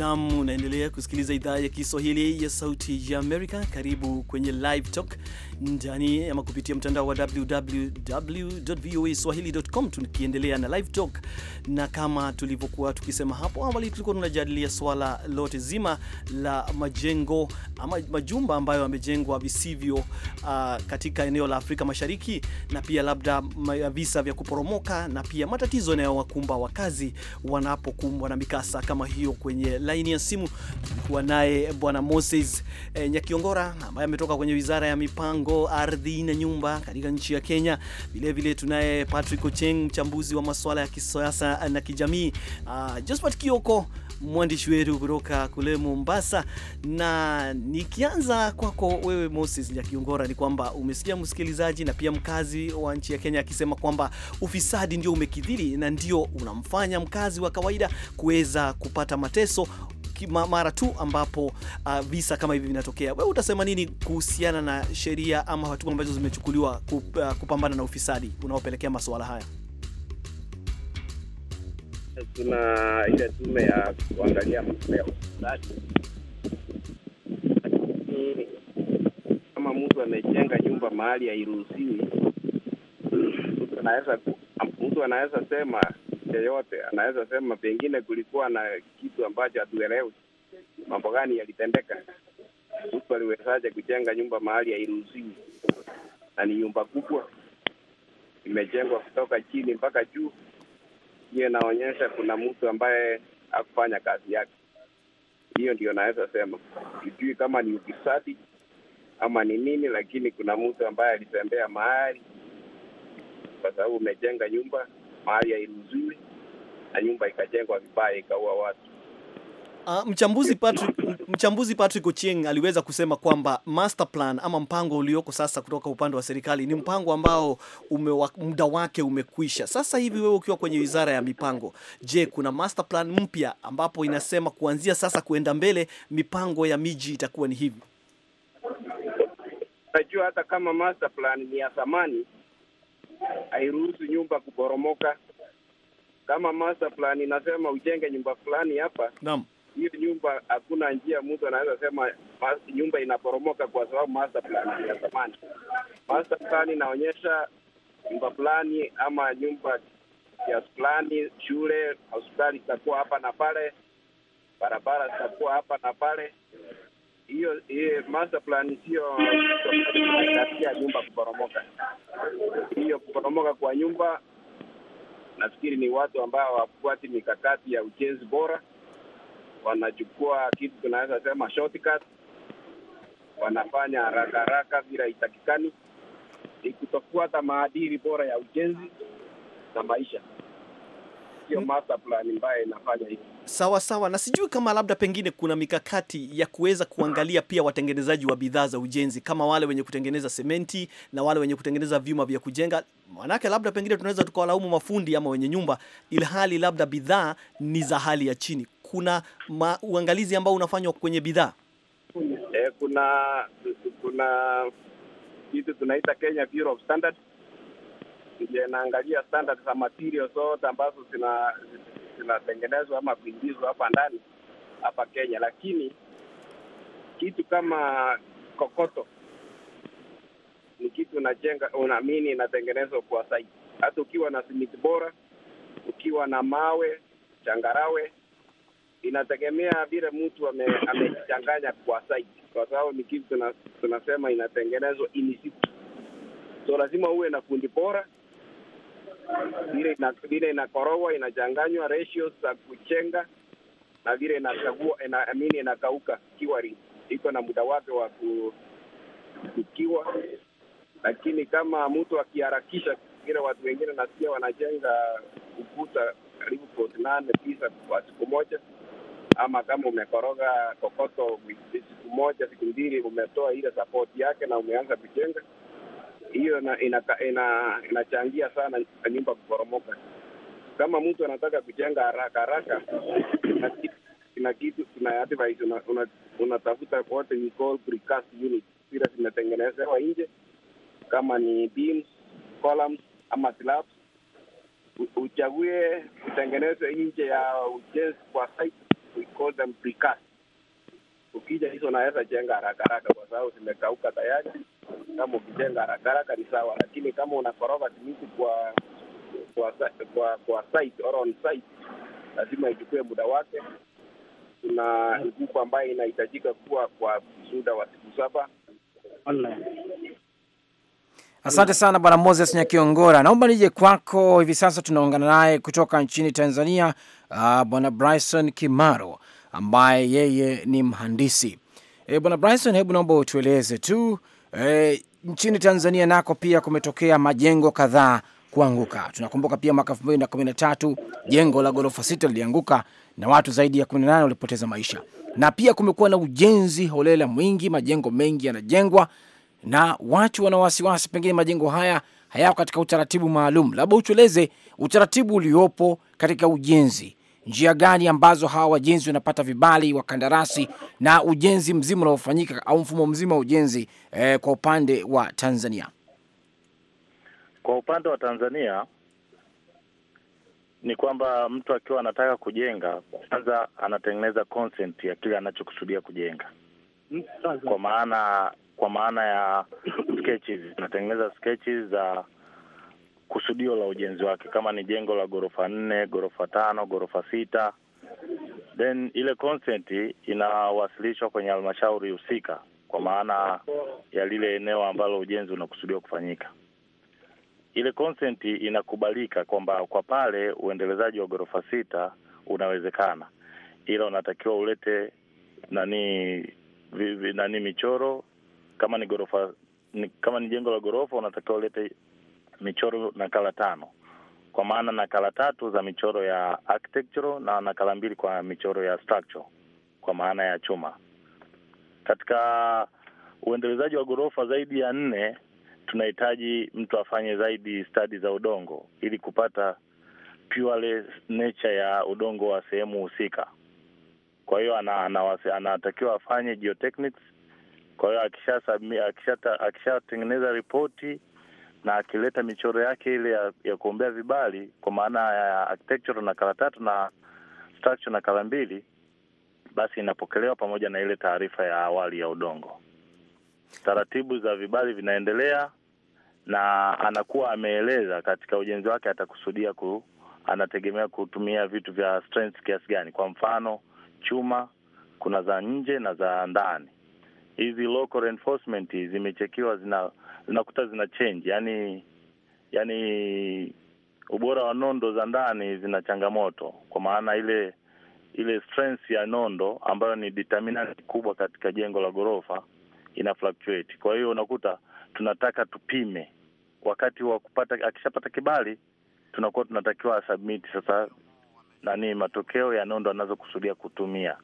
Nam, unaendelea kusikiliza idhaa ya Kiswahili ya Sauti ya Amerika. Karibu kwenye Live Talk ndani ama kupitia mtandao wa swahili.com, tukiendelea na Live Talk, na kama tulivyokuwa tukisema hapo awali, tulikuwa tunajadilia swala lote zima la majengo ama majumba ambayo yamejengwa visivyo uh, katika eneo la Afrika Mashariki, na pia labda visa vya kuporomoka na pia matatizo yanayowakumba wakazi wanapokumbwa na mikasa kama hiyo kwenye laini ya simu kuwa naye bwana Moses e, eh, Nyakiongora ambaye ametoka kwenye wizara ya mipango, ardhi na nyumba katika nchi ya Kenya. Vilevile tunaye Patrick Ocheng, mchambuzi wa masuala ya kisiasa na kijamii. Uh, Josephat Kioko mwandishi wetu kutoka kule Mombasa. Na nikianza kwako wewe Moses Nyakiongora, ni kwamba umesikia msikilizaji na pia mkazi wa nchi ya Kenya akisema kwamba ufisadi ndio umekithiri na ndio unamfanya mkazi wa kawaida kuweza kupata mateso mara tu ambapo uh, visa kama hivi vinatokea. Wewe utasema nini kuhusiana na sheria ama hatua ambazo zimechukuliwa ah, kupambana na ufisadi unaopelekea masuala haya? sasa tuna ile tume ya kuangalia masuala ya uwekezaji. kama mtu amejenga nyumba mahali hairuhusiwi, anaweza mtu anaweza sema yeyote, anaweza sema pengine kulikuwa na kitu ambacho hatuelewi, mambo gani yalitendeka, mtu aliwezaje kujenga nyumba mahali hairuhusiwi, na ni nyumba kubwa imejengwa kutoka chini mpaka juu hiyo inaonyesha kuna mtu ambaye akufanya kazi yake. Hiyo ndio naweza sema, sijui kama ni ufisadi ama ni nini, lakini kuna mtu ambaye alitembea mahali, kwa sababu umejenga nyumba mahali hairuhusiwi na nyumba ikajengwa vibaya, ikaua watu. Uh, mchambuzi Patrick, mchambuzi Patrick Ochieng aliweza kusema kwamba master plan ama mpango ulioko sasa kutoka upande wa serikali ni mpango ambao muda wake umekwisha. Sasa hivi wewe ukiwa kwenye wizara ya mipango, je, kuna master plan mpya ambapo inasema kuanzia sasa kuenda mbele mipango ya miji itakuwa ni hivi? najua hata kama master plan ni ya zamani, hairuhusu nyumba kuporomoka. Kama master plan inasema ujenge nyumba fulani hapa, naam hiyo nyumba hakuna njia mtu anaweza sema nyumba inaporomoka kwa sababu master plan ya zamani. Master plan inaonyesha nyumba fulani ama nyumba kiasi fulani, shule, hospitali zitakuwa hapa na pale, barabara zitakuwa hapa na pale. Hiyo master plan sio katia nyumba kuporomoka. Hiyo kuporomoka kwa nyumba nafikiri ni watu ambao hawafuati mikakati ya ujenzi bora wanachukua kitu tunaweza sema shortcut, wanafanya haraka haraka bila itakikani, ni kutofuata maadili bora ya ujenzi na maisha. Hiyo hmm. master plan ambayo inafanya hivi sawa sawa, na sijui kama labda pengine kuna mikakati ya kuweza kuangalia pia watengenezaji wa bidhaa za ujenzi kama wale wenye kutengeneza sementi na wale wenye kutengeneza vyuma vya kujenga, manake labda pengine tunaweza tukawalaumu mafundi ama wenye nyumba, ilhali labda bidhaa ni za hali ya chini kuna ma, uangalizi ambao unafanywa kwenye bidhaa e, Kuna kuna kitu tunaita Kenya Bureau of Standards inaangalia standards za material zote ambazo zina zinatengenezwa ama kuingizwa hapa ndani hapa Kenya, lakini kitu kama kokoto ni kitu unajenga unaamini inatengenezwa kwa site. Hata ukiwa na simiti bora, ukiwa na mawe changarawe, inategemea vile mtu amejichanganya kwa site, kwa sababu ni kitu tunasema inatengenezwa in situ, so lazima uwe na fundi bora vile ina, inakorowa inachanganywa ratio za kuchenga na vile inakagua ina, amini inakauka ikiwa iko na muda wake wa kukiwa, lakini kama mtu akiharakisha vile watu wengine nasikia wanajenga ukuta karibu foti nane tisa kwa siku moja ama kama umekoroga kokoto siku moja siku mbili, umetoa ile sapoti yake na umeanza kujenga, hiyo inachangia ina, ina, ina sana nyumba kuporomoka. Kama mtu anataka kujenga haraka haraka na kitu kuna advice unatafuta kote we call precast unit zile zimetengenezewa nje, kama ni beams, columns ama slabs, uchague utengeneze nje ya ujenzi kwa site we them precast. Ukija hizo naweza jenga haraka haraka, kwa sababu zimekauka tayari. Kama ukijenga haraka haraka ni sawa, lakini kama unakoroga simiti kwa kwa kwa, kwa site or on site, lazima ichukue muda wake. Kuna nguvu ambayo inahitajika kuwa kwa muda wa siku saba Asante sana Bwana Moses Nyakiongora, naomba nije kwako hivi sasa. Tunaungana naye kutoka nchini Tanzania, uh, Bwana Bryson Kimaro ambaye yeye ni mhandisi. E, Bwana Bryson, hebu naomba utueleze tu e, nchini Tanzania nako pia kumetokea majengo kadhaa kuanguka. Tunakumbuka pia mwaka elfu mbili na kumi na tatu jengo la ghorofa sita lilianguka na watu zaidi ya kumi na nane walipoteza maisha, na pia kumekuwa na ujenzi holela mwingi, majengo mengi yanajengwa na watu wana wasiwasi, pengine majengo haya hayako katika utaratibu maalum. Labda utueleze utaratibu uliopo katika ujenzi, njia gani ambazo hawa wajenzi wanapata vibali wa kandarasi na ujenzi mzima unaofanyika au mfumo mzima wa ujenzi eh, kwa upande wa Tanzania. Kwa upande wa Tanzania ni kwamba mtu akiwa anataka kujenga kwanza anatengeneza consent ya kile anachokusudia kujenga, kwa maana kwa maana ya sketches, tunatengeneza sketches za kusudio la ujenzi wake, kama ni jengo la ghorofa nne, ghorofa tano, ghorofa sita, then ile consent inawasilishwa kwenye halmashauri husika kwa maana ya lile eneo ambalo ujenzi unakusudiwa kufanyika. Ile consent inakubalika kwamba kwa pale uendelezaji wa ghorofa sita unawezekana, ila unatakiwa ulete nani, nani michoro kama ni gorofa, ni, kama ni jengo la gorofa unatakiwa ulete michoro nakala tano kwa maana nakala tatu za michoro ya architectural na nakala mbili kwa michoro ya structural kwa maana ya chuma. Katika uendelezaji wa ghorofa zaidi ya nne, tunahitaji mtu afanye zaidi stadi za udongo ili kupata pure nature ya udongo wa sehemu husika. Kwa hiyo anatakiwa ana, ana, afanye geotechnics kwa hiyo akishatengeneza ripoti na akileta michoro yake ile ya, ya kuombea vibali kwa maana ya architecture na kala tatu na structure na kala mbili, basi inapokelewa pamoja na ile taarifa ya awali ya udongo. Taratibu za vibali vinaendelea na anakuwa ameeleza katika ujenzi wake atakusudia ku, anategemea kutumia vitu vya strength kiasi gani. Kwa mfano chuma, kuna za nje na za ndani hizi local enforcement zimechekiwa zina zinakuta zina change yani, yani ubora wa nondo za ndani zina changamoto, kwa maana ile ile strength ya nondo ambayo ni determinant kubwa katika jengo la ghorofa ina fluctuate. Kwa hiyo unakuta tunataka tupime wakati wa kupata, akishapata kibali tunakuwa tunatakiwa submit sasa nani matokeo ya nondo anazokusudia kutumia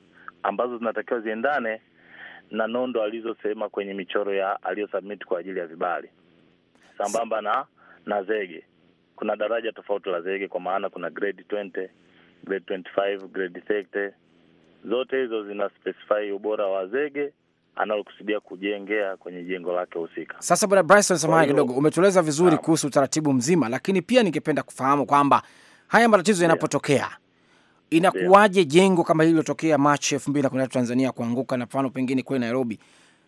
ambazo zinatakiwa ziendane na nondo alizosema kwenye michoro ya aliyosubmit kwa ajili ya vibali, sambamba na na zege. Kuna daraja tofauti la zege, kwa maana kuna grade 20, grade 25, grade 30. Zote hizo zina specify ubora wa zege analokusudia kujengea kwenye jengo lake husika. Sasa Bwana Bryson, samahani kidogo, umetueleza vizuri kuhusu utaratibu mzima, lakini pia ningependa kufahamu kwamba haya matatizo yanapotokea yeah Inakuwaje jengo kama lilotokea Machi elfu mbili na kumi na tatu Tanzania kuanguka, na mfano pengine kule Nairobi,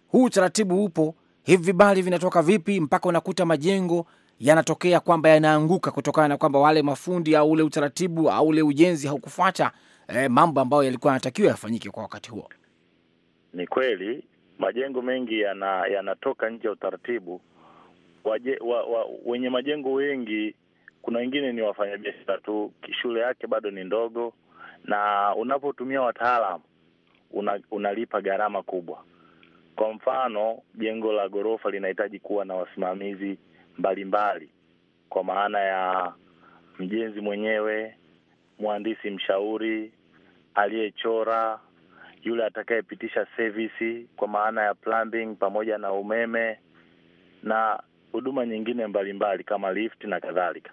huu utaratibu upo? Hivi vibali vinatoka vipi mpaka unakuta majengo yanatokea kwamba yanaanguka kutokana na kwamba wale mafundi au ule utaratibu au ule ujenzi haukufuata eh, mambo ambayo yalikuwa yanatakiwa yafanyike kwa wakati huo? Ni kweli majengo mengi yanatoka nje ya utaratibu waje, wa, wa, wenye majengo wengi, kuna wengine ni wafanyabiashara tu, shule yake bado ni ndogo na unapotumia wataalamu una, unalipa gharama kubwa. Kwa mfano, jengo la ghorofa linahitaji kuwa na wasimamizi mbalimbali mbali, kwa maana ya mjenzi mwenyewe, mhandisi mshauri, aliyechora, yule atakayepitisha sevisi kwa maana ya plumbing pamoja na umeme na huduma nyingine mbalimbali mbali, kama lift na kadhalika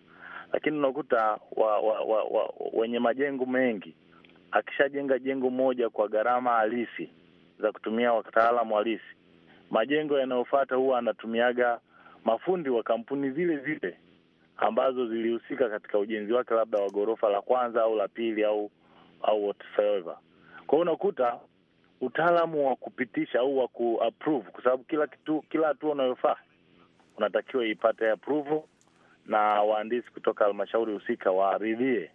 lakini unakuta wa, wa, wa, wa, wenye majengo mengi akishajenga jengo moja kwa gharama halisi za kutumia wataalamu halisi, majengo yanayofata huwa anatumiaga mafundi wa kampuni zile zile ambazo zilihusika katika ujenzi wake, labda wa ghorofa la kwanza au la pili au au whatsoever. Kwa hiyo unakuta utaalamu wa kupitisha au wa kuapprove, kwa sababu kila kitu, kila hatua unayofaa unatakiwa ipate approval na wahandisi kutoka halmashauri husika waaridhie.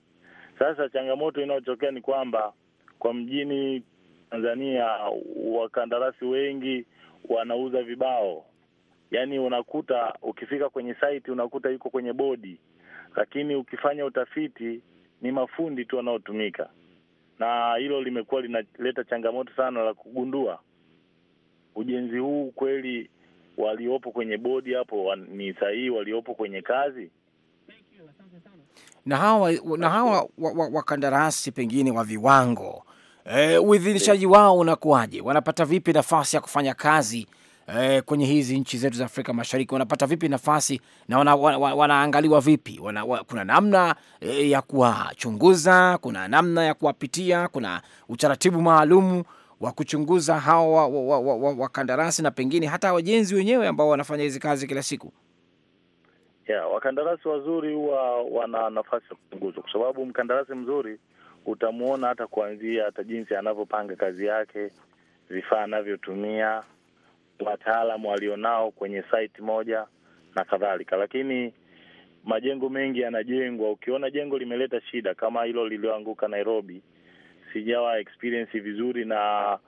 Sasa changamoto inayotokea ni kwamba kwa mjini Tanzania wakandarasi wengi wanauza vibao, yaani unakuta ukifika kwenye saiti unakuta yuko kwenye bodi, lakini ukifanya utafiti ni mafundi tu wanaotumika, na hilo limekuwa linaleta changamoto sana la kugundua ujenzi huu kweli waliopo kwenye bodi hapo ni sahihi, waliopo kwenye kazi na hawa, na hawa wakandarasi wa, wa pengine wa viwango e, uidhinishaji wao unakuwaje? Wanapata vipi nafasi ya kufanya kazi e, kwenye hizi nchi zetu za Afrika Mashariki? Wanapata vipi nafasi na wana, wana, wanaangaliwa vipi? Wana, wana, kuna namna e, ya kuwachunguza, kuna namna ya kuwapitia, kuna utaratibu maalumu wa kuchunguza hawa wakandarasi wa, wa, wa, wa na pengine hata wajenzi wenyewe ambao wanafanya hizi kazi kila siku? Yeah, wakandarasi wazuri huwa wana nafasi ya kuchunguzwa, kwa sababu mkandarasi mzuri utamwona hata kuanzia hata jinsi anavyopanga kazi yake, vifaa anavyotumia, wataalamu walionao kwenye site moja na kadhalika. Lakini majengo mengi yanajengwa, ukiona jengo limeleta shida kama hilo lilioanguka Nairobi sijawa experience vizuri na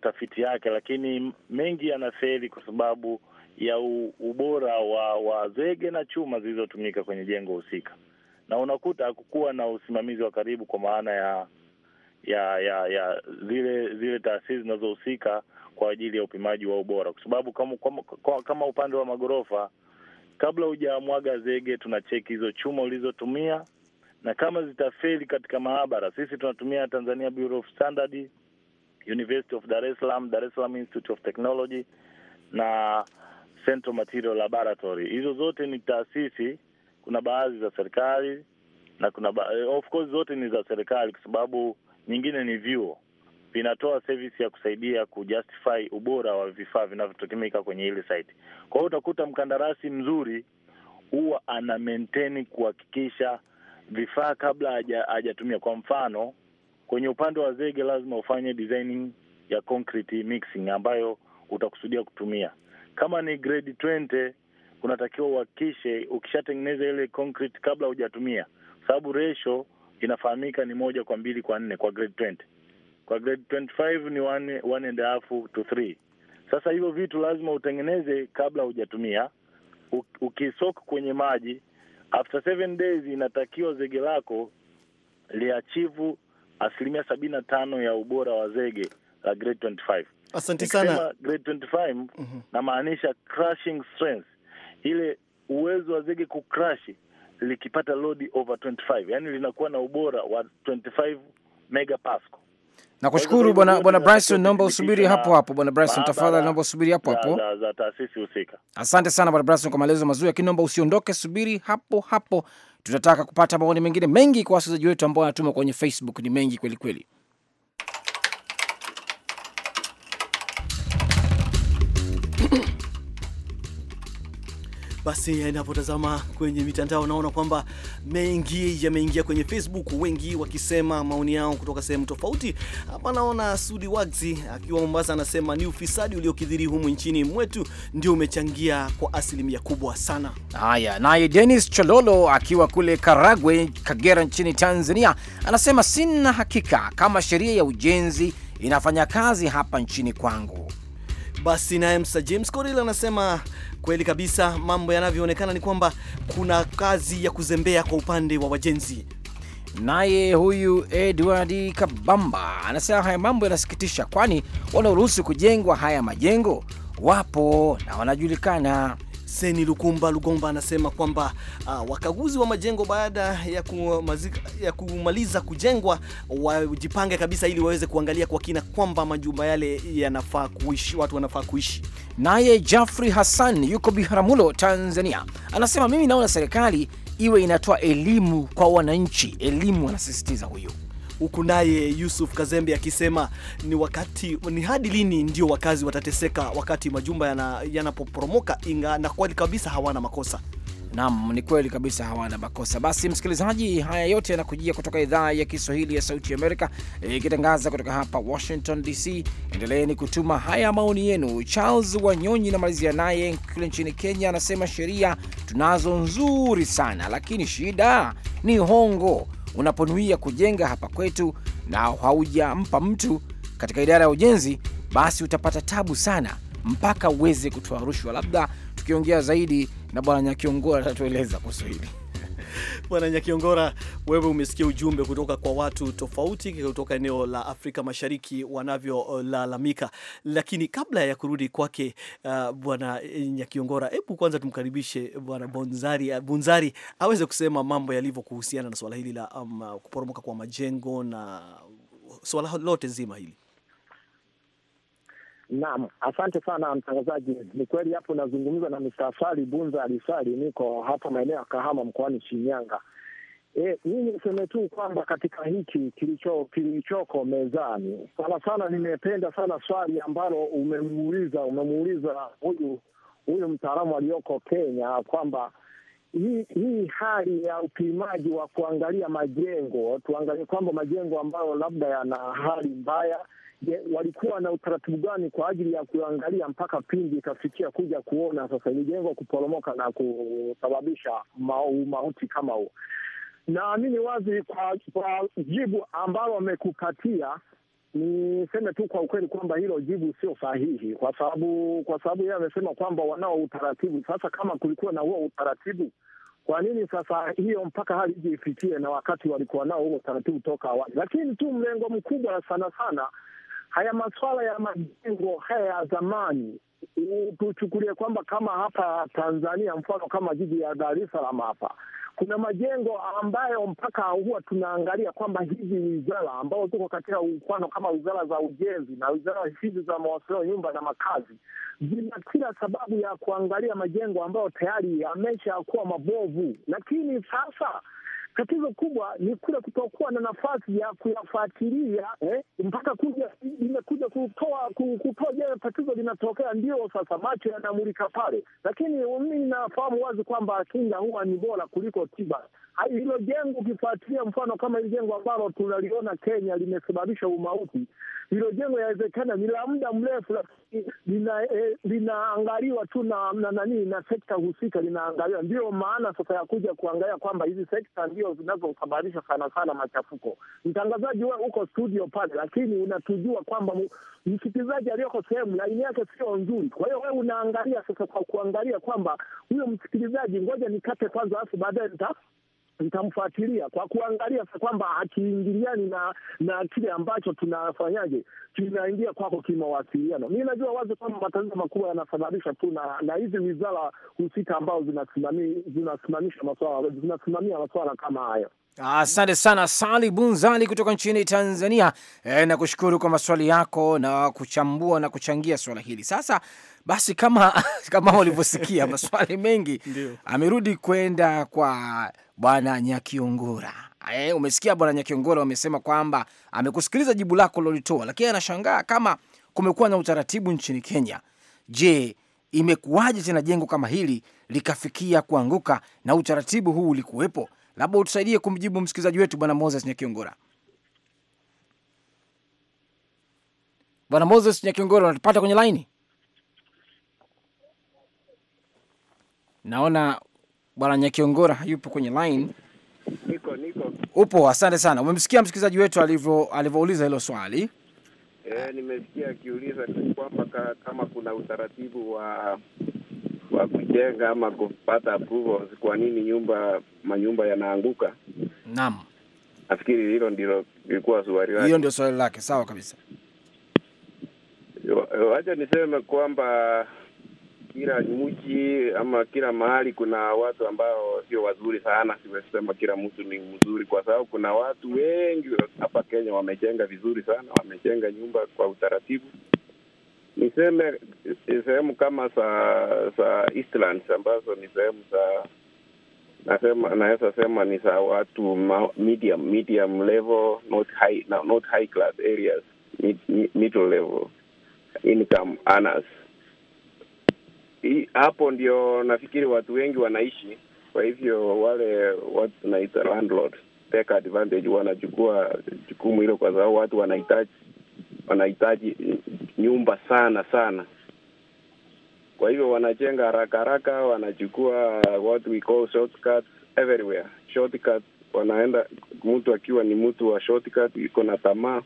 tafiti yake, lakini mengi yanafeli kwa sababu ya ubora wa, wa zege na chuma zilizotumika kwenye jengo husika, na unakuta hakukuwa na usimamizi wa karibu kwa maana ya ya ya ya zile zile taasisi zinazohusika kwa ajili ya upimaji wa ubora, kwa sababu kama, kama, kama upande wa magorofa, kabla hujamwaga zege, tuna cheki hizo chuma ulizotumia na kama zitafeli katika maabara, sisi tunatumia Tanzania Bureau of Standard, University of Dar es Salaam, Dar es Salaam Institute of Technology na Central Material Laboratory. Hizo zote ni taasisi, kuna baadhi za serikali na kuna ba eh, of course zote ni za serikali, kwa sababu nyingine ni vyuo vinatoa service ya kusaidia kujustify ubora wa vifaa vinavyotumika kwenye ile site. Kwa hiyo utakuta mkandarasi mzuri huwa ana maintain kuhakikisha vifaa kabla hajatumia. Kwa mfano, kwenye upande wa zege lazima ufanye designing ya concrete mixing ambayo utakusudia kutumia. Kama ni grade 20 unatakiwa uhakikishe ukishatengeneza ile concrete kabla hujatumia, sababu ratio inafahamika ni moja kwa mbili kwa nne kwa grade 20. Kwa grade 25 ni one, one and a half to three. Sasa hivyo vitu lazima utengeneze kabla hujatumia. Ukisok kwenye maji after seven days inatakiwa zege lako liachivu asilimia sabini na tano ya ubora wa zege la grade 25. Asante sana. Grade 25 mm -hmm. namaanisha maanisha crushing strength, ile uwezo wa zege kucrush likipata load over 25, yani linakuwa na ubora wa 25 megapascal. Nakushukuru bwana bwana Bryson, naomba usubiri hapo hapo. Bwana Bryson, tafadhali naomba usubiri hapo hapo za, taasisi husika. Asante sana bwana Bryson kwa maelezo mazuri, lakini naomba usiondoke, subiri hapo hapo. Tunataka kupata maoni mengine mengi kwa wasikilizaji wetu ambao wanatuma kwenye Facebook, ni mengi kweli kweli. basi inapotazama kwenye mitandao naona kwamba mengi yameingia kwenye Facebook, wengi wakisema maoni yao kutoka sehemu tofauti. Hapa naona Sudi Wagzi akiwa Mombasa anasema ni ufisadi uliokidhiri humu nchini mwetu ndio umechangia kwa asilimia kubwa sana. Haya, naye Dennis Chololo akiwa kule Karagwe, Kagera nchini Tanzania anasema sina hakika kama sheria ya ujenzi inafanya kazi hapa nchini kwangu. Basi naye Msa James Coril anasema Kweli kabisa, mambo yanavyoonekana ni kwamba kuna kazi ya kuzembea kwa upande wa wajenzi. Naye huyu Edward Kabamba anasema haya mambo yanasikitisha, kwani wanaoruhusu kujengwa haya majengo wapo na wanajulikana. Seni Lukumba Lugomba anasema kwamba uh, wakaguzi wa majengo baada ya, kumazika, ya kumaliza kujengwa wajipange kabisa ili waweze kuangalia kwa kina kwamba majumba yale yanafaa kuishi, watu wanafaa kuishi. Naye Jafri Hassan yuko Biharamulo, Tanzania, anasema mimi naona serikali iwe inatoa elimu kwa wananchi. Elimu anasisitiza huyo huku naye Yusuf Kazembe akisema ni wakati ni hadi lini ndio wakazi watateseka wakati majumba yanapoporomoka yana inga na kweli kabisa hawana makosa. Naam, ni kweli kabisa hawana makosa. Basi msikilizaji, haya yote yanakujia kutoka idhaa ya Kiswahili ya Sauti ya Amerika ikitangaza e, kutoka hapa Washington DC. Endeleeni kutuma haya maoni yenu. Charles Wanyonyi namalizia naye kule nchini Kenya, anasema sheria tunazo nzuri sana, lakini shida ni hongo unaponuia kujenga hapa kwetu na haujampa mtu katika idara ya ujenzi, basi utapata tabu sana mpaka uweze kutoa rushwa. Labda tukiongea zaidi na Bwana Nyakiongora atatueleza kuhusu hili. Bwana Nyakiongora, wewe umesikia ujumbe kutoka kwa watu tofauti kutoka eneo la Afrika Mashariki wanavyolalamika, lakini kabla ya kurudi kwake uh, Bwana Nyakiongora, hebu kwanza tumkaribishe Bwana Bunzari, uh, Bunzari aweze kusema mambo yalivyo kuhusiana na swala hili la um, kuporomoka kwa majengo na swala lote zima hili. Naam, asante sana mtangazaji. Ni kweli hapo nazungumza na Msafari Bunza Alisali, niko hapa maeneo ya Kahama mkoani Shinyanga. E, mimi niseme tu kwamba katika hiki kilicho kilichoko mezani sana sana, nimependa sana swali ambalo umemuuliza umemuuliza huyu huyu mtaalamu aliyoko Kenya kwamba hii hii hali ya upimaji wa kuangalia majengo, tuangalie kwamba majengo ambayo labda yana hali mbaya Je, walikuwa na utaratibu gani kwa ajili ya kuangalia mpaka pindi ikafikia kuja kuona sasa ilijengwa kuporomoka na kusababisha mauti kama huo? Naamini wazi kwa, kwa jibu ambalo wamekupatia niseme tu kwa ukweli kwamba hilo jibu sio sahihi, kwa sababu kwa sababu yeye amesema kwamba wanao utaratibu. Sasa kama kulikuwa na huo utaratibu, kwa nini sasa hiyo mpaka hali hiji ifikie, na wakati walikuwa nao huo utaratibu toka awali? Lakini tu mlengo mkubwa sana sana haya maswala ya majengo haya ya zamani tuchukulie kwamba kama hapa Tanzania, mfano kama jiji ya Dar es Salaam hapa kuna majengo ambayo mpaka huwa tunaangalia kwamba hizi wizara ambao ziko katika mfano kama wizara za ujenzi na wizara hizi za mawasiliano, nyumba na makazi, zina kila sababu ya kuangalia majengo ambayo tayari yameshakuwa mabovu, lakini sasa Tatizo kubwa ni kule kutokuwa na nafasi ya kuyafuatilia eh, mpaka kuja imekuja kutoa kutoa je, tatizo linatokea. Ndio sasa macho yanamulika pale, lakini mi nafahamu wazi kwamba kinga huwa ni bora kuliko tiba. Ah, hilo jengo ukifuatilia mfano kama hili jengo ambalo tunaliona Kenya limesababisha umauti, hilo jengo yawezekana ni la muda mrefu, lakini lina, eh, linaangaliwa tu na na nani na sekta husika linaangaliwa. Ndiyo maana sasa ya kuja kuangalia kwamba hizi sekta ndio zinazosababisha sana sana machafuko. Mtangazaji, wewe uko studio pale, lakini unatujua kwamba msikilizaji aliyoko sehemu laini yake sio nzuri. Kwa hiyo wewe unaangalia sasa, kwa kuangalia kwamba huyo msikilizaji, ngoja nikate kwanza, afu baadaye nita nitamfuatilia kwa kuangalia kwamba hakiingiliani na na kile ambacho tunafanyaje kinaingia kwako kimawasiliano. Mi najua wazi kwamba matatizo makubwa yanasababishwa tu na hizi wizara husika ambao zinasimamisha maswala zinasimamia maswala kama hayo. Asante sana Sali Bunzali kutoka nchini Tanzania. E, eh, na kushukuru kwa maswali yako na kuchambua na kuchangia swala hili sasa basi kama *laughs* kama ulivyosikia *laughs* maswali mengi, amerudi kwenda kwa bwana Nyakiongora. E, umesikia bwana Nyakiongora, wamesema kwamba amekusikiliza jibu lako lolitoa, lakini anashangaa kama kumekuwa na utaratibu nchini Kenya. Je, imekuwaje tena jengo kama hili likafikia kuanguka na utaratibu huu ulikuwepo? Labda utusaidie kumjibu msikilizaji wetu bwana Moses Nyakiongora. Bwana Moses Nyakiongora, unatupata kwenye laini? Naona bwana Nyakiongora hayupo kwenye line. Niko, niko. Upo, asante sana. Umemsikia msikilizaji wetu alivyo alivyouliza hilo swali? E, nimesikia akiuliza kwamba kama kuna utaratibu wa wa kujenga ama kupata approvals, kwa nini nyumba manyumba yanaanguka? Naam, nafikiri hilo ndilo lilikuwa swali lake. Hiyo ndio swali lake, sawa kabisa. Wacha niseme kwamba kila nchi ama kila mahali kuna watu ambao sio wazuri sana. siwesema kila mtu ni mzuri, kwa sababu kuna watu wengi hapa Kenya wamejenga vizuri sana, wamejenga nyumba kwa utaratibu. Niseme sehemu kama za za Eastlands ambazo ni sehemu za nasema naweza sema ni za watu medium medium level, not high, not high class areas, mid, middle level income earners hapo ndio nafikiri watu wengi wanaishi. Kwa hivyo wale watu tunaita landlord take advantage, wanachukua jukumu hilo, kwa sababu watu wanahitaji wanahitaji nyumba sana sana. Kwa hivyo wanajenga haraka haraka, wanachukua what we call shortcuts everywhere. wanaenda, mtu akiwa ni mtu wa shortcut, iko na tamaa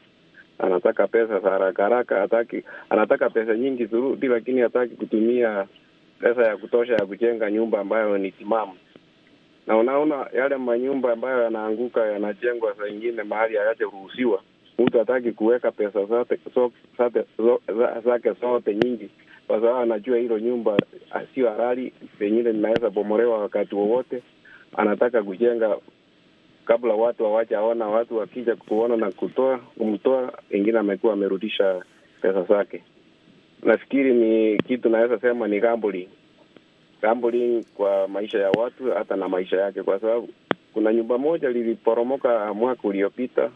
anataka pesa za haraka haraka, hataki, anataka pesa nyingi zurudi, lakini hataki kutumia pesa ya kutosha ya kujenga nyumba ambayo ni timamu, na unaona yale manyumba ambayo yanaanguka yanajengwa saa ingine mahali hayajaruhusiwa. Mtu hataki kuweka pesa zake zote so, so, nyingi kwa sababu anajua hilo nyumba asio harari pengine linaweza bomorewa wakati wowote. Anataka kujenga kabla watu hawajaona. Watu wakija kuona na kutoa kumtoa, pengine amekuwa amerudisha pesa zake. Nafikiri ni kitu naweza sema ni gambling, gambling kwa maisha ya watu hata na maisha yake, kwa sababu kuna nyumba moja liliporomoka mwaka uliopita.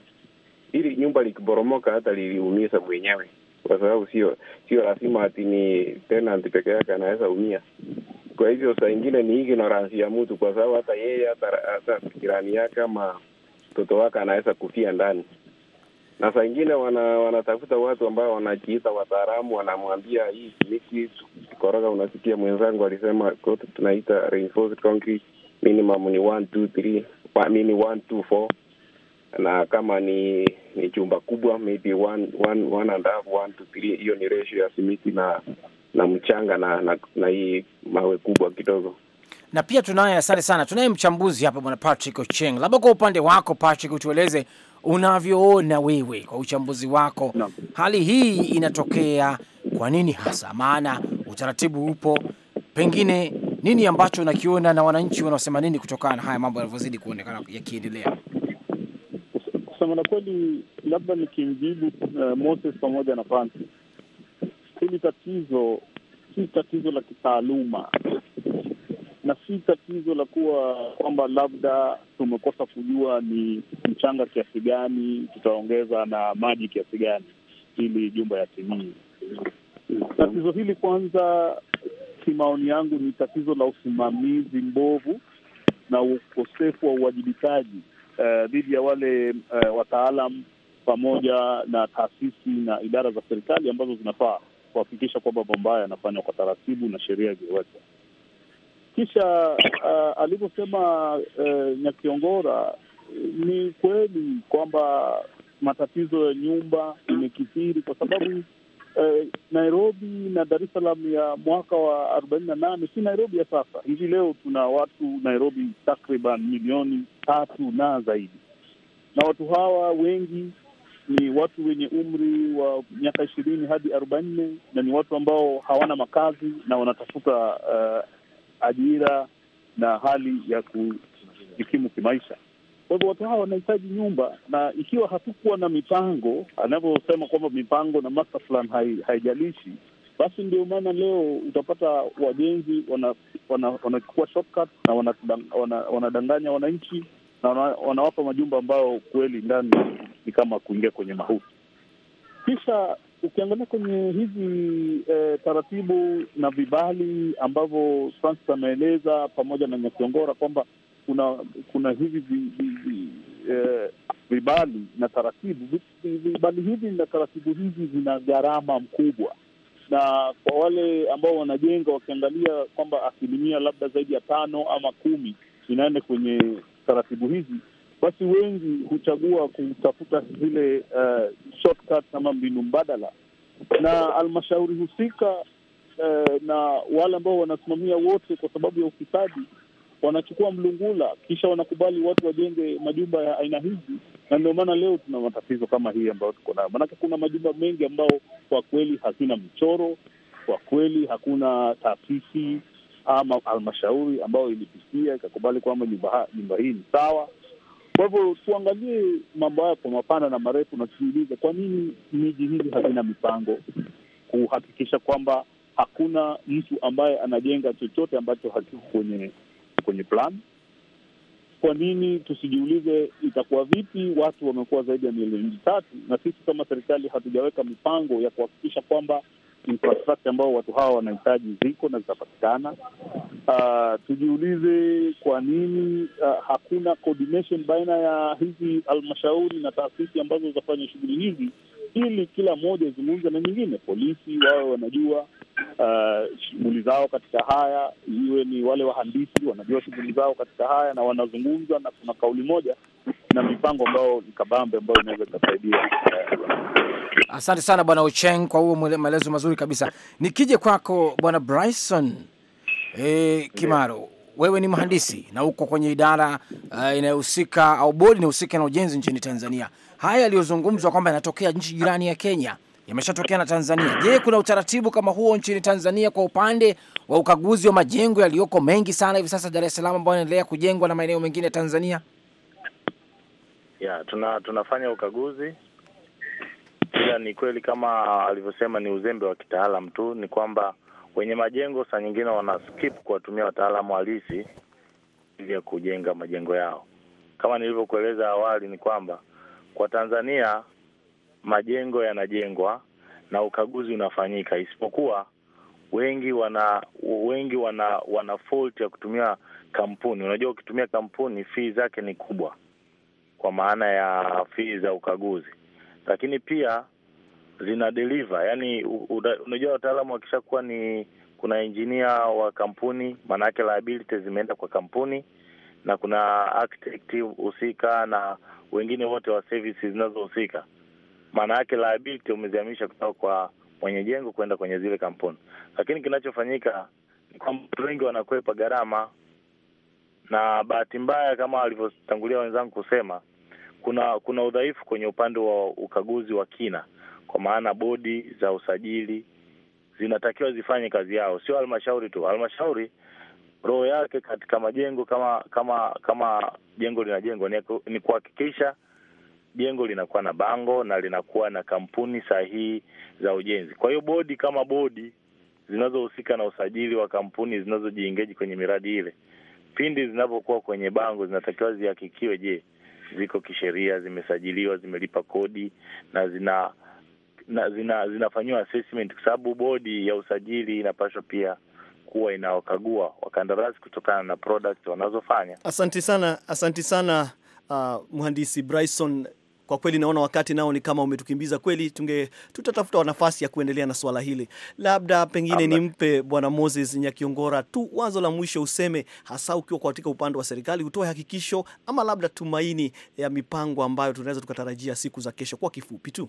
Hili nyumba likiporomoka hata liliumiza mwenyewe, kwa sababu sio sio lazima ati ni tenant peke yake anaweza umia. Kwa hivyo saa ingine ni ignorance ya mtu, kwa sababu hata yeye hata hata jirani yake ama mtoto wake anaweza kufia ndani na saa ingine wana, wanatafuta watu ambao wanajiita wataalamu, wanamwambia hii simiki koroga. Unasikia mwenzangu alisema kote tunaita reinforced concrete minimum ni one two three mini one two four, na kama ni ni chumba kubwa maybe one one one and a half one to three. Hiyo ni ratio ya simiti na na mchanga na na, na hii mawe kubwa kidogo na pia tunaye, asante sana, tunaye mchambuzi hapa bwana Patrick Ocheng. Labda kwa upande wako Patrick, utueleze unavyoona wewe kwa uchambuzi wako no. Hali hii inatokea kwa nini hasa? Maana utaratibu upo, pengine nini ambacho unakiona na wananchi wanaosema nini kutokana na haya mambo yanavyozidi kuonekana yakiendelea? Kusema na kweli, labda nikimjibu uh, Moses pamoja na Francis, hili tatizo si tatizo la kitaaluma na si tatizo la kuwa kwamba labda tumekosa kujua ni mchanga kiasi gani tutaongeza na maji kiasi gani ili jumba ya timii. Tatizo hili kwanza, kimaoni yangu, ni tatizo la usimamizi mbovu na ukosefu wa uwajibikaji eh, dhidi uh, ya wale uh, wataalam pamoja na taasisi na idara za serikali ambazo zinafaa kuhakikisha kwamba mambo haya yanafanywa kwa taratibu na sheria iliyowekwa. Kisha uh, alivyosema uh, Nyakiongora, ni kweli kwamba matatizo ya nyumba imekithiri kwa sababu eh, Nairobi na Dar es Salaam ya mwaka wa arobaini na nane si Nairobi ya sasa. Hivi leo tuna watu Nairobi takriban milioni tatu na zaidi, na watu hawa wengi ni watu wenye umri wa miaka ishirini hadi arobaini na ni watu ambao hawana makazi na wanatafuta uh, ajira na hali ya kujikimu kimaisha. Kwa hivyo watu hawa wanahitaji nyumba, na ikiwa hatukuwa na mipango, anavyosema kwamba mipango na master plan haijalishi basi ndio maana leo utapata wajenzi wanachukua wana, wana shortcut na wanadanganya wana, wana wananchi na wanawapa wana majumba ambayo kweli ndani ni kama kuingia kwenye mahuti. Kisha ukiangalia kwenye hizi e, taratibu na vibali ambavyo Francis ameeleza pamoja na Nyakiongora kwamba kuna kuna hivi vi, vi, vi, e, vibali na taratibu vibali hivi na taratibu hizi zina gharama mkubwa, na kwa wale ambao wanajenga wakiangalia kwamba asilimia labda zaidi ya tano ama kumi inaenda kwenye taratibu hizi basi wengi huchagua kutafuta zile uh, shortcut ama mbinu mbadala, na halmashauri husika uh, na wale ambao wanasimamia wote, kwa sababu ya ufisadi, wanachukua mlungula, kisha wanakubali watu wajenge majumba ya aina hizi, na ndio maana leo tuna matatizo kama hii ambayo tuko nayo, maanake kuna majumba mengi ambayo kwa kweli hazina mchoro, kwa kweli hakuna taasisi ama halmashauri ambayo ilipitia ikakubali kwamba nyumba hii ni sawa kwa hivyo tuangalie mambo haya kwa mapana na marefu, na tujiulize kwa nini miji hizi hazina mipango kuhakikisha kwamba hakuna mtu ambaye anajenga chochote ambacho hakiko kwenye kwenye plan. Kwa nini tusijiulize itakuwa vipi? Watu wamekuwa zaidi ya milioni tatu, na sisi kama serikali hatujaweka mipango ya kuhakikisha kwamba infrastructure ambao watu hawa wanahitaji ziko na zitapatikana. Uh, tujiulize kwa nini uh, hakuna coordination baina ya hizi halmashauri na taasisi ambazo zitafanya shughuli hizi, ili kila moja izungumze na nyingine. Polisi wawe wanajua uh, shughuli zao katika haya, iwe ni wale wahandisi wanajua shughuli zao katika haya na wanazungumza, na kuna kauli moja na mipango ambayo ni kabambe ambayo inaweza ikasaidia. Asante sana Bwana Ucheng kwa huo maelezo mazuri kabisa. Nikije kwako Bwana Bryson e, Kimaro, wewe ni mhandisi na uko kwenye idara uh, inayohusika au bodi inayohusika na ujenzi nchini Tanzania. Haya yaliyozungumzwa kwamba yanatokea nchi jirani ya Kenya yameshatokea na Tanzania. Je, kuna utaratibu kama huo nchini Tanzania kwa upande wa ukaguzi wa majengo yaliyoko mengi sana hivi sasa Dar es Salaam ambayo yanaendelea kujengwa na maeneo mengine ya Tanzania? ya tuna, tunafanya ukaguzi ila ni kweli kama alivyosema ni uzembe wa kitaalam tu, ni kwamba wenye majengo saa nyingine wana skip kuwatumia wataalamu halisi ili ya kujenga majengo yao. Kama nilivyokueleza awali, ni kwamba kwa Tanzania majengo yanajengwa na ukaguzi unafanyika, isipokuwa wengi wana wengi wana wana fault ya kutumia kampuni. Unajua, ukitumia kampuni fee zake ni kubwa, kwa maana ya fii za ukaguzi, lakini pia zina deliver. Yani unajua, wataalamu wakishakuwa ni kuna injinia wa kampuni, maanaake liability zimeenda kwa kampuni, na kuna architect husika na wengine wote wa services zinazohusika, maana yake liability umezihamisha kutoka kwa mwenye jengo kwenda kwenye zile kampuni. Lakini kinachofanyika ni kwamba watu wengi wanakwepa gharama, na bahati mbaya, kama walivyotangulia wenzangu kusema, kuna kuna udhaifu kwenye upande wa ukaguzi wa kina, kwa maana bodi za usajili zinatakiwa zifanye kazi yao, sio halmashauri tu. Halmashauri roho yake katika majengo kama kama kama jengo linajengwa ni kuhakikisha jengo linakuwa na bango na linakuwa na kampuni sahihi za ujenzi. Kwa hiyo bodi kama bodi zinazohusika na usajili wa kampuni zinazojiingeji kwenye miradi ile, pindi zinapokuwa kwenye bango, zinatakiwa zihakikiwe, je ziko kisheria, zimesajiliwa, zimelipa kodi na zina na zina zinafanyiwa assessment, kwa sababu bodi ya usajili inapaswa pia kuwa inawakagua wakandarasi kutokana na product wanazofanya. Asanti sana, asanti sana. Uh, Mhandisi Bryson kwa kweli naona wakati nao ni kama umetukimbiza kweli, tunge tutatafuta nafasi ya kuendelea na swala hili. Labda pengine nimpe Bwana Moses Nyakiongora tu wazo la mwisho, useme hasa ukiwa katika upande wa serikali, utoe hakikisho ama labda tumaini ya mipango ambayo tunaweza tukatarajia siku za kesho, kwa kifupi tu.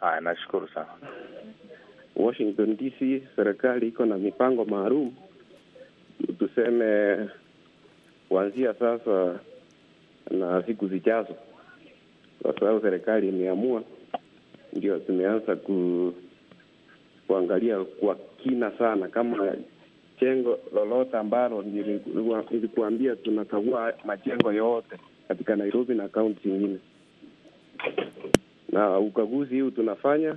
Haya, nashukuru sana. Washington DC, serikali iko na mipango maalum, tuseme kuanzia sasa na siku zijazo, kwa sababu serikali imeamua, ndio tumeanza ku, kuangalia kwa kina sana kama jengo lolote ambalo nilikuambia, tunakagua majengo yote katika Nairobi na kaunti zingine, na ukaguzi huu tunafanya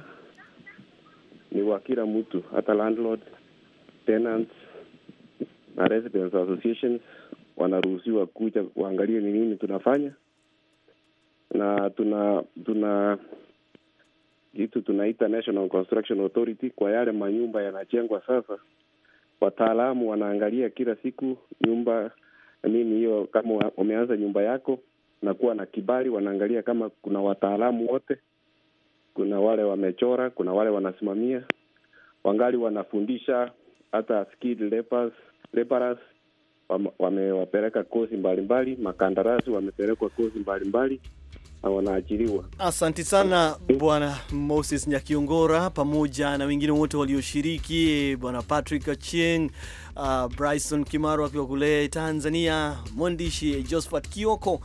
ni wa kila mtu, hata landlord, tenants na residents associations wanaruhusiwa kuja waangalie ni nini tunafanya, na tuna tuna kitu tunaita National Construction Authority kwa yale manyumba yanajengwa sasa. Wataalamu wanaangalia kila siku nyumba nini hiyo, kama wameanza nyumba yako na kuwa na kibali, wanaangalia kama kuna wataalamu wote, kuna wale wamechora, kuna wale wanasimamia, wangali wanafundisha hata skilled laborers wamewapeleka kozi mbalimbali, makandarasi wamepelekwa kozi mbalimbali na wanaajiriwa. Asante sana Bwana Moses Nyakiongora pamoja na wengine wote walioshiriki, Bwana Patrick Achieng, uh, Bryson Kimaro akiwa kule Tanzania, mwandishi Josephat Kioko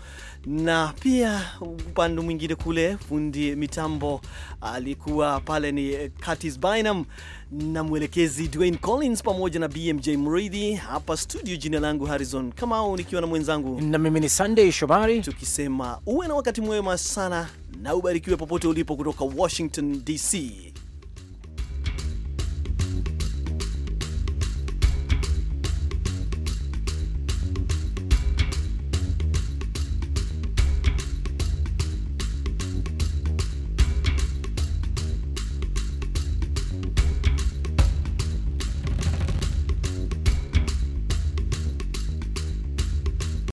na pia upande mwingine kule fundi mitambo alikuwa pale ni Curtis Bynum na mwelekezi Dwayne Collins pamoja na BMJ Mridhi. Hapa studio, jina langu Harrison Kamau, nikiwa na mwenzangu na mimi ni Sunday Shomari, tukisema uwe na wakati mwema sana na ubarikiwe popote ulipo, kutoka Washington DC.